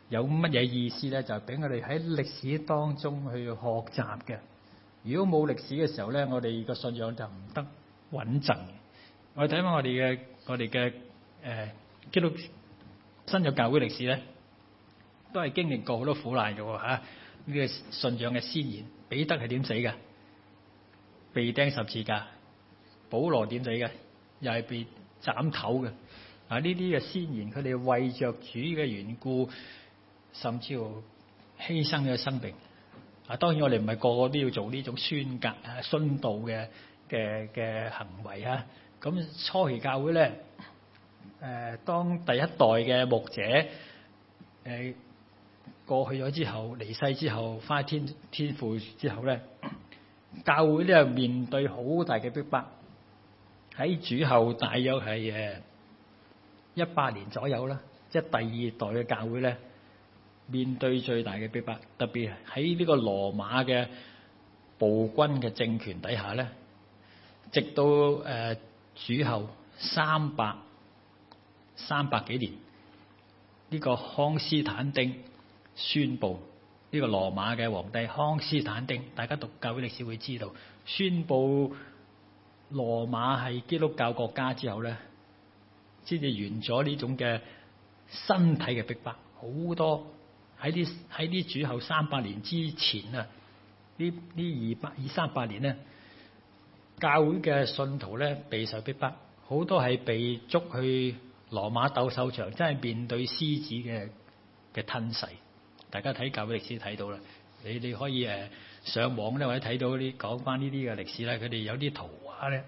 有乜嘢意思咧？就俾我哋喺歷史當中去學習嘅。如果冇歷史嘅時候咧，我哋個信仰就唔得穩陣。我哋睇翻我哋嘅我哋嘅誒基督教新約教會歷史咧，都係經歷過好多苦難嘅嚇。呢、啊、個信仰嘅先賢，彼得係點死嘅？被釘十字架。保羅點死嘅？又係被斬頭嘅。啊！呢啲嘅先賢，佢哋為着主嘅緣故，甚至乎犧牲咗生命。啊，當然我哋唔係個個都要做呢種殉教啊、殉道嘅嘅嘅行為啊。咁初期教會咧，誒當第一代嘅牧者誒過去咗之後，離世之後，翻喺天天父之後咧，教會咧面對好大嘅逼迫，迫。喺主後大約係誒一八年左右啦，即係第二代嘅教會咧。面對最大嘅逼迫，特別喺呢個羅馬嘅暴君嘅政權底下咧，直到誒、呃、主後三百三百幾年，呢個康斯坦丁宣佈呢個羅馬嘅皇帝康斯坦丁，大家讀教會歷史會知道，宣佈羅馬係基督教國家之後咧，先至完咗呢種嘅身體嘅逼迫，好多。喺啲喺啲主後三百年之前啊，呢呢二百二三百年咧，教會嘅信徒咧被受逼迫，好多係被捉去羅馬鬥獸場，真係面對獅子嘅嘅吞噬。大家睇教會歷史睇到啦，你你可以誒上網咧，或者睇到啲講翻呢啲嘅歷史啦。佢哋有啲圖畫咧，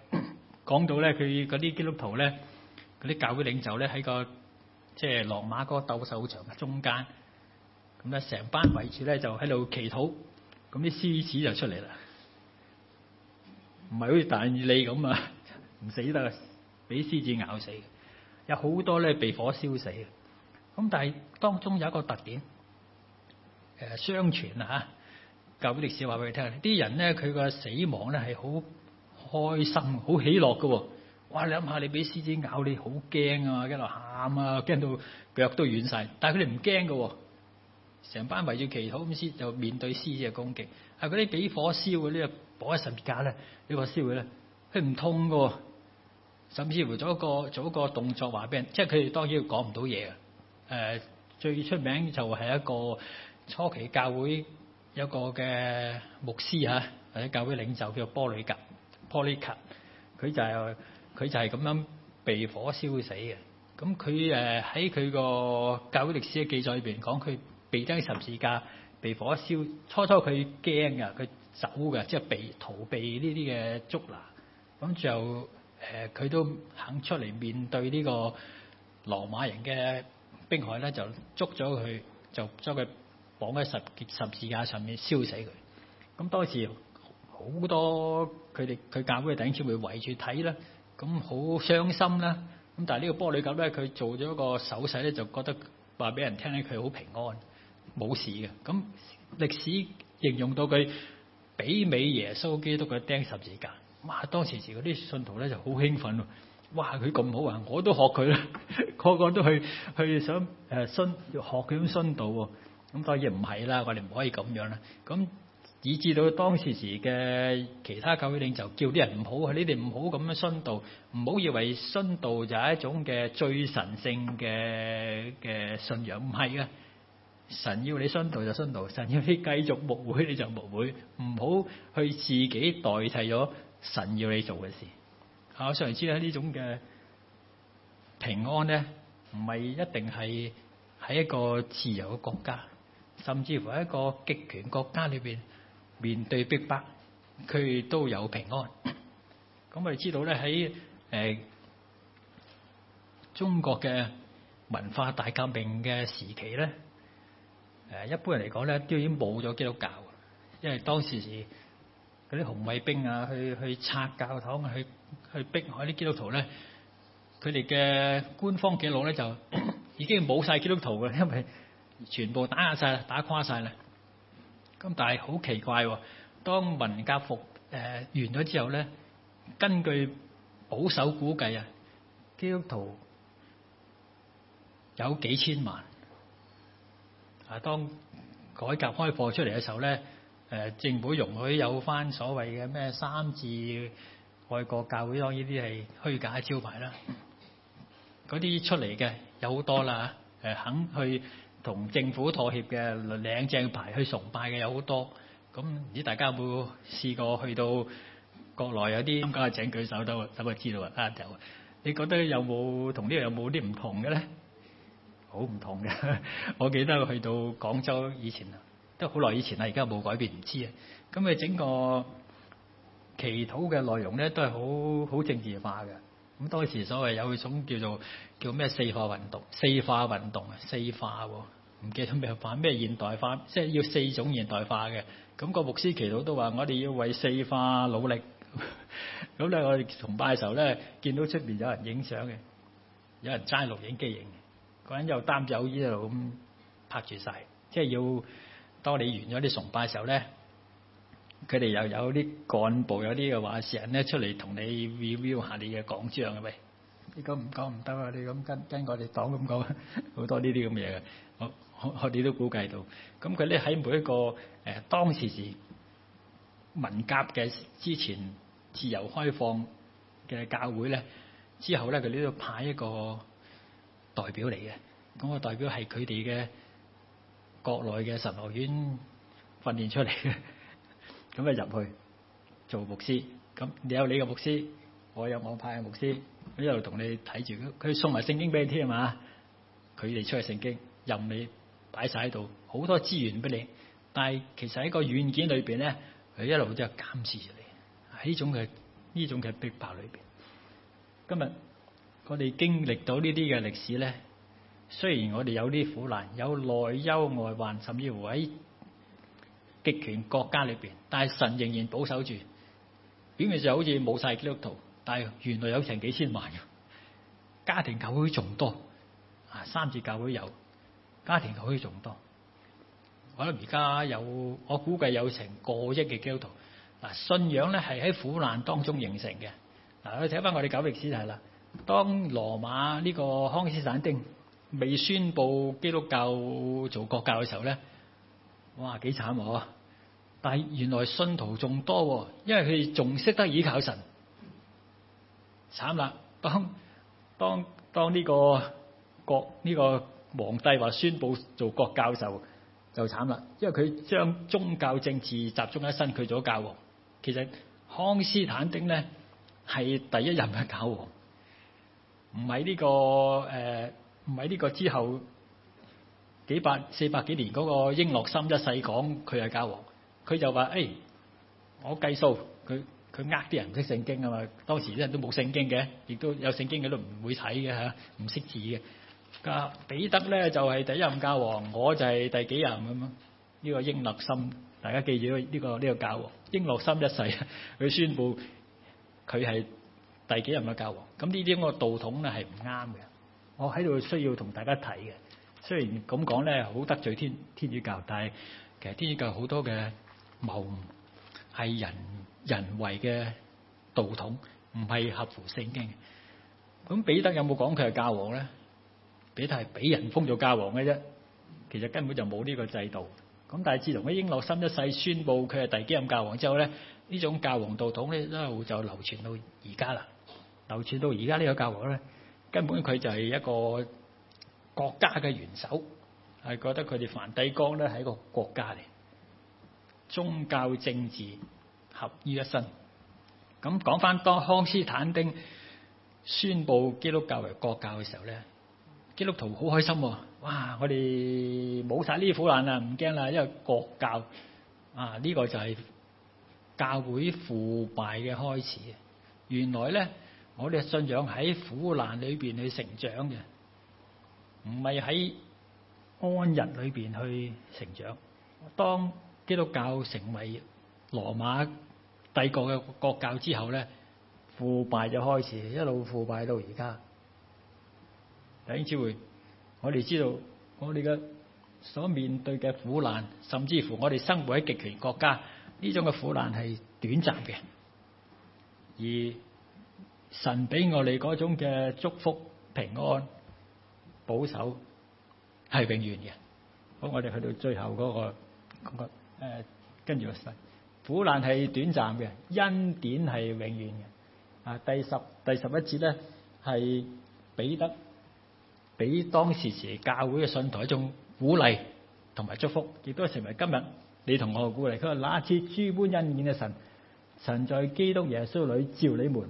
講 <coughs> 到咧佢嗰啲基督徒咧，嗰啲教會領袖咧喺個即係羅馬嗰個鬥獸場嘅中間。咁咧，成班圍住咧就喺度祈禱，咁啲獅子就出嚟啦。唔係好似但以理咁啊，唔 <laughs> 死得，俾獅子咬死。有好多咧被火燒死嘅。咁但係當中有一個特點，誒、呃、相傳啊嚇，舊啲歷史話俾你聽，啲人咧佢個死亡咧係好開心、好喜樂嘅。哇！你諗下，你俾獅子咬，你好驚啊，一路喊啊，驚到腳都軟晒。但係佢哋唔驚嘅。成班圍住祈禱，咁獅就面對獅子嘅攻擊。係啲俾火燒嘅呢，就保喺神格咧，呢、這、話、個、燒佢咧，佢唔通嘅。甚至乎做一個做一個動作，話俾人，即係佢哋當然要講唔到嘢嘅。誒、啊，最出名就係一個初期教會有個嘅牧師吓、啊，或者教會領袖叫波里格波里格，佢就係、是、佢就係咁樣被火燒死嘅。咁佢誒喺佢個教會歷史嘅記載裏邊講佢。被釘十字架，被火燒，初初佢驚噶，佢走噶，即係被逃避呢啲嘅捉拿。咁就誒佢都肯出嚟面對呢個羅馬人嘅迫害咧，就捉咗佢，就將佢綁喺十十字架上面燒死佢。咁當時好多佢哋佢教會嘅弟兄會圍住睇啦，咁好傷心啦。咁但係呢個坡旅甲咧，佢做咗個手勢咧，就覺得話俾人聽咧，佢好平安。冇事嘅，咁歷史形容到佢媲美耶穌基督佢釘十字架。哇！當時時嗰啲信徒咧就好興奮喎，哇！佢咁好啊，我都學佢啦，個個都去去想誒、呃、信學佢咁殉道喎。咁當然唔係啦，我哋唔可以咁樣啦。咁以至到當時時嘅其他教會領袖叫啲人唔好，你哋唔好咁樣殉道，唔好以為殉道就係一種嘅最神聖嘅嘅信仰，唔係啊。神要你信道就信道，神要你繼續牧會你就牧會，唔好去自己代替咗神要你做嘅事。我上嚟知啦，呢種嘅平安咧，唔係一定係喺一個自由嘅國家，甚至乎喺一個極權國家裏邊面對逼迫，佢都有平安。咁我哋知道咧，喺誒中國嘅文化大革命嘅時期咧。誒一般嚟講咧，都已經冇咗基督教，因為當時嗰啲紅衛兵啊，去去拆教堂，去去逼嗰啲基督徒咧，佢哋嘅官方記錄咧就 <coughs> 已經冇晒基督徒嘅，因為全部打壓晒啦，打垮晒啦。咁但係好奇怪喎，哦，當文革復誒完咗之後咧，根據保守估計啊，基督徒有幾千萬。啊，當改革開放出嚟嘅時候咧，誒、呃、政府容許有翻所謂嘅咩三自愛國教會，當然呢啲係虛假招牌啦。嗰啲出嚟嘅有好多啦，誒、呃、肯去同政府妥協嘅領正牌去崇拜嘅有好多。咁、嗯、唔知大家有冇試過去到國內有啲參加嘅，請舉手都等我知道啊？有、嗯，你覺得有冇同呢個有冇啲唔同嘅咧？好唔同嘅， <laughs> 我記得去到廣州以前啊，都好耐以前啦，而家冇改變唔知啊。咁佢整個祈禱嘅內容咧都係好好政治化嘅。咁當時所謂有一種叫做叫咩四化運動、四化運動啊、四化喎、哦，唔記得咩化，咩現代化，即係要四種現代化嘅。咁、個牧師祈禱都話：我哋要為四化努力。咁咧，我哋崇拜嘅時候咧，見到出邊有人影相嘅，有人揸錄影機影。嗰人又擔走，喺依度咁拍住晒，即係要當你完咗啲崇拜嘅時候咧，佢哋又有啲幹部，有啲嘅話成咧出嚟同你 review 下你嘅講章嘅咪？你咁唔講唔得啊！你咁跟跟我哋黨咁講，好 <laughs> 多呢啲咁嘅嘢啊！我我哋都估計到，咁佢咧喺每一個誒、呃、當時時文革嘅之前自由開放嘅教會咧，之後咧佢都要派一個，代表嚟嘅，咁個代表係佢哋嘅國內嘅神學院訓練出嚟嘅，咁啊入去做牧師，咁你有你嘅牧師，我有我派嘅牧師，一路同你睇住佢，佢送埋聖經俾你添啊，佢哋出去聖經任你擺晒喺度，好多資源俾你，但係其實喺個軟件裏邊咧，佢一路都係監視住你，喺呢種嘅呢種嘅逼迫裏邊，今日。我哋經歷到呢啲嘅歷史咧，雖然我哋有啲苦難，有內憂外患，甚至乎喺極權國家裏邊，但係神仍然保守住，表面上好似冇晒基督徒，但係原來有成幾千萬嘅家庭教會仲多啊，三自教會有家庭教會仲多。我諗而家有我估計有成個億嘅基督徒嗱，信仰咧係喺苦難當中形成嘅嗱。去睇翻我哋舊歷史就係啦。當羅馬呢個康斯坦丁未宣布基督教做國教嘅時候咧，哇，幾慘喎、啊！但係原來信徒眾多，因為佢哋仲識得倚靠神。慘啦！當當當呢個國呢個皇帝話宣布做國教嘅時候，就就慘啦，因為佢將宗教政治集中喺一身，佢做教王。其實康斯坦丁咧係第一任嘅教王。唔喺呢個誒，唔喺呢個之後幾百四百幾年嗰個英諾森一世講佢係教皇。佢就話誒、欸，我計數，佢佢呃啲人唔識聖經啊嘛，當時啲人都冇聖經嘅，亦都有聖經嘅都唔會睇嘅吓，唔識字嘅。教彼得咧就係、是、第一任教皇，我就係第幾任咁啊？呢、這個英諾森，大家記住呢、這個呢、這個教皇。英諾森一世佢宣布佢係第幾任嘅教皇？咁呢啲咁嘅道統咧係唔啱嘅。我喺度需要同大家睇嘅。雖然咁講咧，好得罪天天主教，但係其實天主教好多嘅謀係人人為嘅道統，唔係合乎聖經嘅。咁彼得有冇講佢係教皇咧？彼得係俾人封做教皇嘅啫，其實根本就冇呢個制度。咁但係自從喺英諾森一世宣布佢係第幾任教皇之後咧，呢種教皇道統咧一路就流傳到而家啦。流傳到而家呢個教皇咧，根本佢就係一個國家嘅元首，係覺得佢哋梵蒂岡咧係一個國家嚟，宗教政治合於一身。咁講返當康斯坦丁宣布基督教為國教嘅時候咧，基督徒好開心喎！哇，我哋冇晒呢啲苦難啦，唔驚啦，因為國教啊呢、呢個就係教會腐敗嘅開始。原來咧～我哋嘅信仰喺苦難裏邊去成長嘅，唔係喺安逸裏邊去成長。當基督教成為羅馬帝國嘅國教之後咧，腐敗就開始，一路腐敗到而家。弟兄姊妹，我哋知道我哋嘅所面對嘅苦難，甚至乎我哋生活喺極權國家，呢種嘅苦難係短暫嘅，而神俾我哋嗰種嘅祝福平安保守係永遠嘅。好，我哋去到最後、那個、那個誒、呃，跟住個神苦難係短暫嘅，恩典係永遠嘅。啊，第十第十一節咧係彼得俾當時時教會嘅信徒一種鼓勵同埋祝福，亦都成為今日你同我嘅鼓勵。佢話：那賜諸般恩典嘅神，神在基督耶穌裏召你們。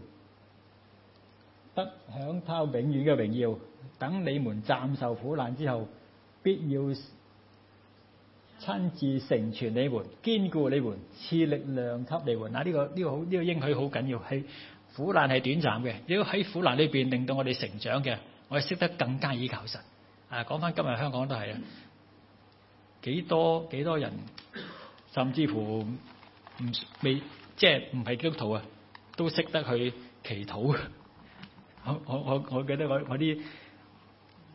得享他永遠嘅榮耀，等你們暫受苦難之後，必要親自成全你們、堅固你們、賜力量給你們。嗱、呢個，呢、呢個呢個好呢個應許好緊要。係苦難係短暫嘅，如果喺苦難呢邊令到我哋成長嘅，我哋識得更加倚靠神。啊，講翻今日香港都係啊，幾多幾多人，甚至乎唔未即係唔係基督徒啊，都識得去祈禱。我我我我記得我我啲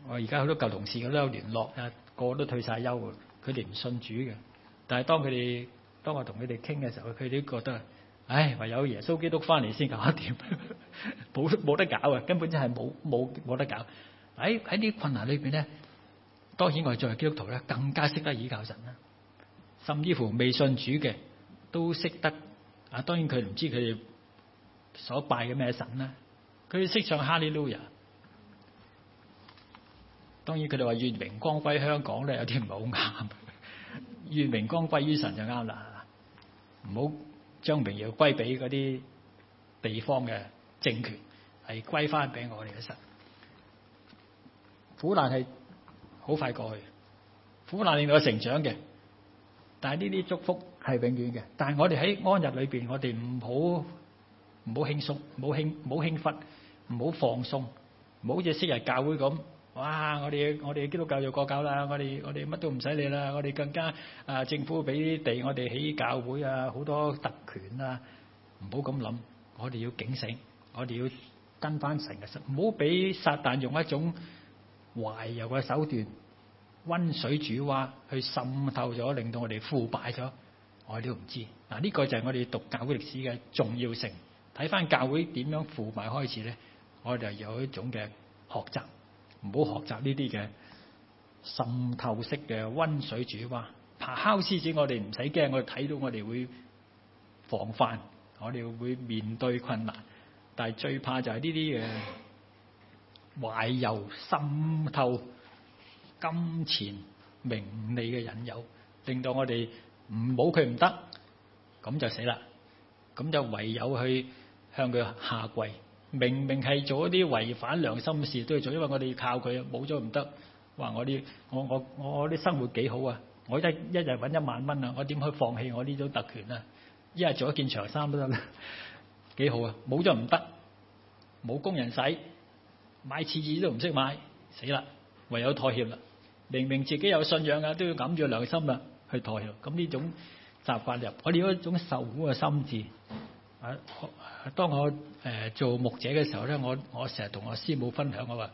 我而家好多舊同事，都有聯絡啊，個個都退晒休，佢哋唔信主嘅，但係當佢哋當我同佢哋傾嘅時候，佢哋都覺得，唉，唯有耶穌基督翻嚟先搞掂，冇冇得搞嘅，根本就係冇冇冇得搞。喺喺啲困難裏邊咧，當然我哋作為基督徒咧，更加識得倚靠神啦。甚至乎未信主嘅都識得啊，當然佢唔知佢哋所拜嘅咩神啦。佢識唱《哈利路亞》，當然佢哋話願榮光歸香港咧，有啲唔係好啱。願榮光歸於神就啱啦，唔好將榮耀歸俾嗰啲地方嘅政權，係歸翻俾我哋嘅神。苦難係好快過去，苦難令我成長嘅，但係呢啲祝福係永遠嘅。但係我哋喺安日裏邊，我哋唔好唔好輕鬆，唔好輕唔好輕忽。唔好放鬆，唔好好似昔日教會咁，哇！我哋我哋基督教就國教啦，我哋我哋乜都唔使理啦，我哋更加啊政府俾地我哋起教會啊，好多特權啦、啊，唔好咁諗，我哋要警醒，我哋要跟翻成日，唔好俾撒旦用一種懷柔嘅手段，温水煮蛙去滲透咗，令到我哋腐敗咗，我哋都唔知。嗱、啊、呢、呢個就係我哋讀教會歷史嘅重要性，睇翻教會點樣腐敗開始咧。我哋有一種嘅學習，唔好學習呢啲嘅滲透式嘅温水煮蛙。怕烤獅子我，我哋唔使驚，我哋睇到我哋會防範，我哋會面對困難。但係最怕就係呢啲嘅懷柔滲透、金錢、名利嘅引誘，令到我哋唔冇佢唔得，咁就死啦。咁就唯有去向佢下跪。明明係做一啲違反良心嘅事都要做，因為我哋要靠佢，冇咗唔得。話，我啲我我我啲生活幾好啊！我一一日揾一萬蚊啊！我點可以放棄我呢種特權啊？一日做一件長衫都得啦，幾好啊！冇咗唔得，冇工人使，買廁紙都唔識買，死啦！唯有妥協啦。明明自己有信仰啊，都要揞住良心啦，去妥協。咁呢種習慣入，我哋嗰種受苦嘅心志。啊！當我誒、呃、做牧者嘅時候咧，我我成日同我師母分享，我話：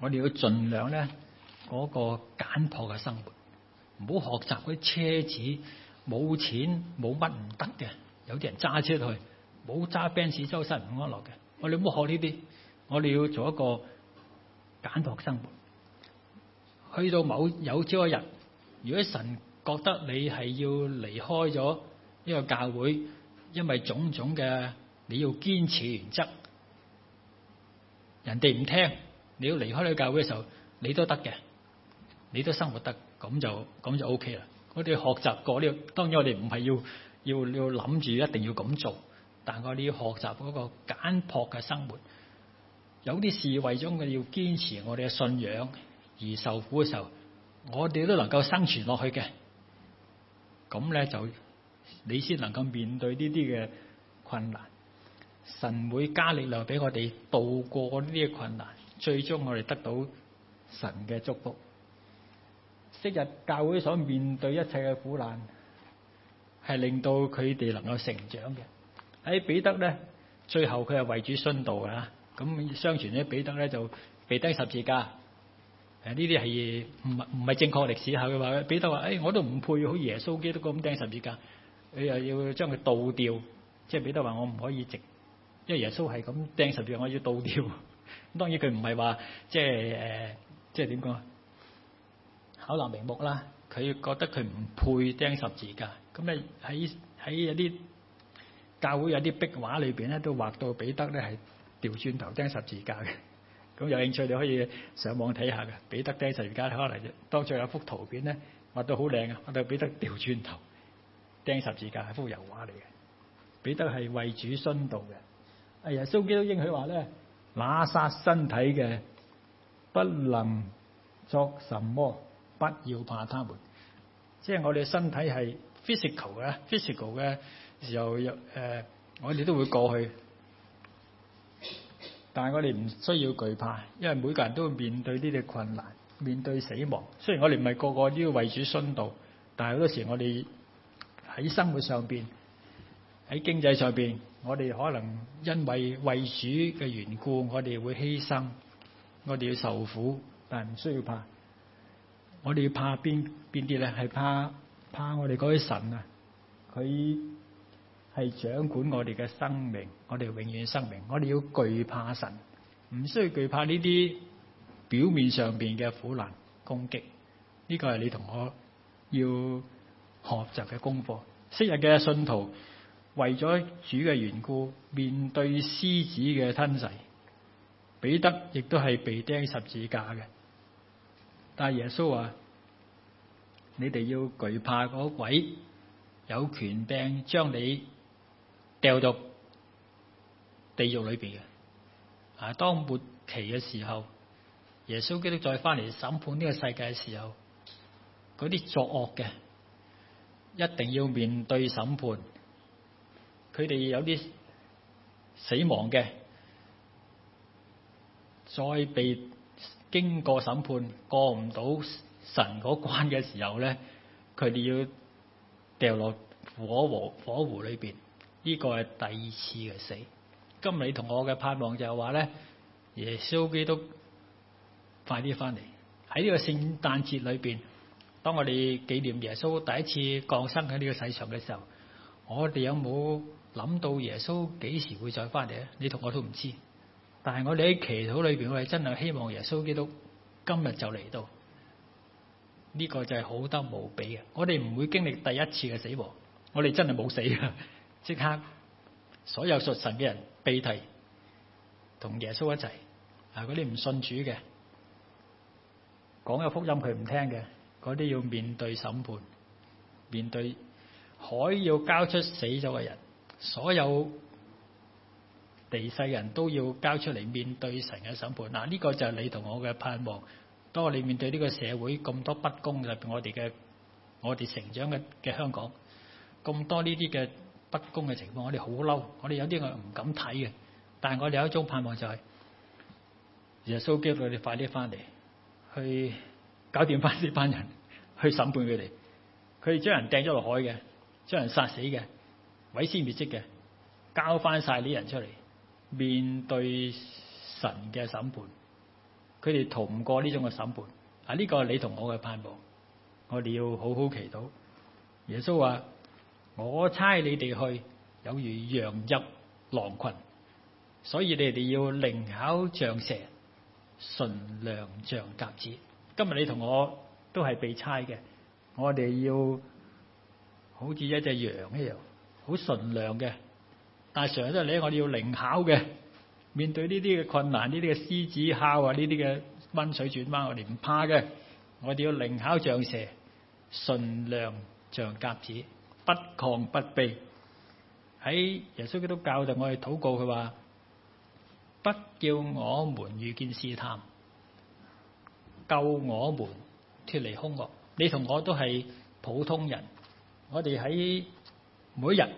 我哋要盡量咧嗰個簡樸嘅生活，唔好學習嗰啲車子冇錢冇乜唔得嘅。有啲人揸車去，冇揸 Benz 周身唔安樂嘅。我哋唔好學呢啲，我哋要做一個簡樸生活。去到某有朝一日，如果神覺得你係要離開咗呢個教會，因為種種嘅，你要堅持原則，人哋唔聽，你要離開呢個教會嘅時候，你都得嘅，你都生活得咁就咁就 OK 啦。我哋學習過呢、這個，當然我哋唔係要要要諗住一定要咁做，但我哋要學習嗰個簡樸嘅生活。有啲事為咗我要堅持我哋嘅信仰而受苦嘅時候，我哋都能夠生存落去嘅。咁咧就。你先能夠面對呢啲嘅困難，神會加力量俾我哋度過呢啲嘅困難，最終我哋得到神嘅祝福。昔日教會所面對一切嘅苦難，係令到佢哋能夠成長嘅。喺、哎、彼得咧，最後佢係為主殉道嘅。咁相傳咧，彼得咧就被釘十字架。誒呢啲係唔係唔係正確歷史下嘅話？彼得話，誒、哎、我都唔配好耶穌基督咁釘十字架。你又要將佢倒掉，即係彼得話我唔可以直，因為耶穌係咁釘十字，我要倒掉。當然佢唔係話即係誒，即係點講？啊，巧立名目啦，佢覺得佢唔配釘十字架。咁你喺喺有啲教會有啲壁畫裏邊咧，都畫到彼得咧係調轉頭釘十字架嘅。咁有興趣你可以上網睇下嘅，彼得釘十字架可能只，當中有幅圖片咧畫到好靚啊，我哋彼得調轉頭。釘十字架係幅油畫嚟嘅，彼得係為主殉道嘅。哎呀，蘇基都應許話咧：那殺身體嘅，不能作什麼，不要怕他們。即係我哋身體係 ph physical 嘅，physical 嘅時候，誒、呃，我哋都會過去，但係我哋唔需要懼怕，因為每個人都會面對呢啲困難，面對死亡。雖然我哋唔係個個都要為主殉道，但係好多時我哋。喺生活上邊，喺經濟上邊，我哋可能因為為主嘅緣故，我哋會犧牲，我哋要受苦，但唔需要怕。我哋要怕邊邊啲咧？係怕怕我哋嗰位神啊！佢係掌管我哋嘅生命，我哋永遠生命，我哋要懼怕神，唔需要懼怕呢啲表面上邊嘅苦難攻擊。呢個係你同我要學習嘅功課，昔日嘅信徒為咗主嘅緣故，面對獅子嘅吞噬，彼得亦都係被釘十字架嘅。但係耶穌話，你哋要懼怕嗰鬼，有權柄將你掉到地獄裏邊嘅。啊，當末期嘅時候，耶穌基督再翻嚟審判呢個世界嘅時候，啲作惡嘅。一定要面對審判，佢哋有啲死亡嘅，再被經過審判過唔到神嗰關嘅時候咧，佢哋要掉落火湖火湖裏邊，呢個係第二次嘅死。今日你同我嘅盼望就係話咧，耶穌基督快啲翻嚟，喺呢個聖誕節裏邊。當我哋紀念耶穌第一次降生喺呢個世上嘅時候，我哋有冇諗到耶穌幾時會再翻嚟咧？你同我都唔知，但係我哋喺祈禱裏邊，我哋真係希望耶穌基督今日就嚟到呢、呢個就係好得無比嘅。我哋唔會經歷第一次嘅死亡，我哋真係冇死嘅，即刻所有屬神嘅人被提同耶穌一齊啊！嗰啲唔信主嘅講有福音，佢唔聽嘅。嗰啲要面對審判，面對海要交出死咗嘅人，所有地世人都要交出嚟面對神嘅審判。嗱，呢個就係你同我嘅盼望。當你面對呢個社會咁多不公入邊，我哋嘅我哋成長嘅嘅香港咁多呢啲嘅不公嘅情況，我哋好嬲，我哋有啲我唔敢睇嘅。但係我哋有一種盼望就係，耶穌叫佢哋快啲翻嚟，去搞掂翻呢班人。去審判佢哋，佢哋將人掟咗落海嘅、將人殺死嘅、毀屍滅跡嘅，交翻晒呢啲人出嚟，面對神嘅審判，佢哋逃唔過呢種嘅審判。啊，呢個係你同我嘅盼望，我哋要好好祈禱。耶穌話：我差你哋去，有如羊入狼群，所以你哋要靈巧像蛇，純良像鴿子。今日你同我。都係被差嘅，我哋要好似一隻羊一樣，好純良嘅。但係常有啲你我哋要靈巧嘅。面對呢啲嘅困難，呢啲嘅獅子哮啊，呢啲嘅溫水轉彎，我哋唔怕嘅。我哋要靈巧像蛇，純良像鴿子，不亢不卑。喺耶穌基督教就我哋禱告佢話：，不叫我們遇見試探，救我們。脫離兇惡，啊，你同我都係普通人，我哋喺每一日，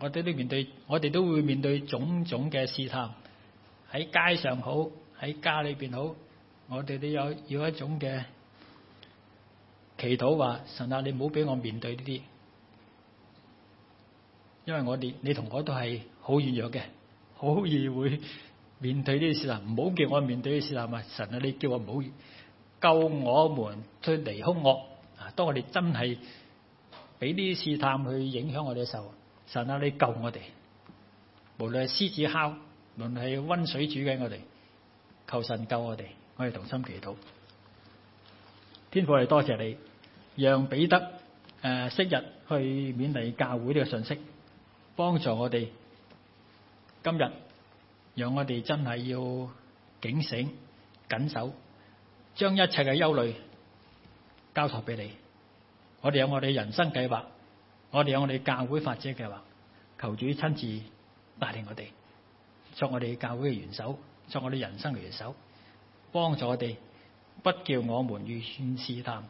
我哋都面對，我哋都會面對種種嘅試探。喺街上好，喺家裏邊好，我哋都有要一種嘅祈禱話，話神啊，你唔好俾我面對呢啲，因為我哋你同我都係好軟弱嘅，好易會面對呢啲事啊！唔好叫我面對呢啲事係咪？神啊，你叫我唔好。救我們脱離兇惡啊！當我哋真係俾呢啲試探去影響我哋嘅時候，神啊，你救我哋！無論係獅子哮，無論係溫水煮緊我哋，求神救我哋！我哋同心祈禱。天父，我哋多謝你，讓彼得誒、呃、昔日去勉勵教會呢個信息，幫助我哋今日，讓我哋真係要警醒、謹守。將一切嘅憂慮交託俾你，我哋有我哋人生計劃，我哋有我哋教會發展嘅計劃，求主親自帶領我哋，作我哋教會嘅元首，作我哋人生嘅元首，幫助我哋，不叫我們遇見試探，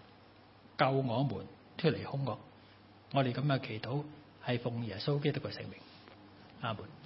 救我們脫離兇惡。我哋今日祈禱係奉耶穌基督嘅聖名，阿門。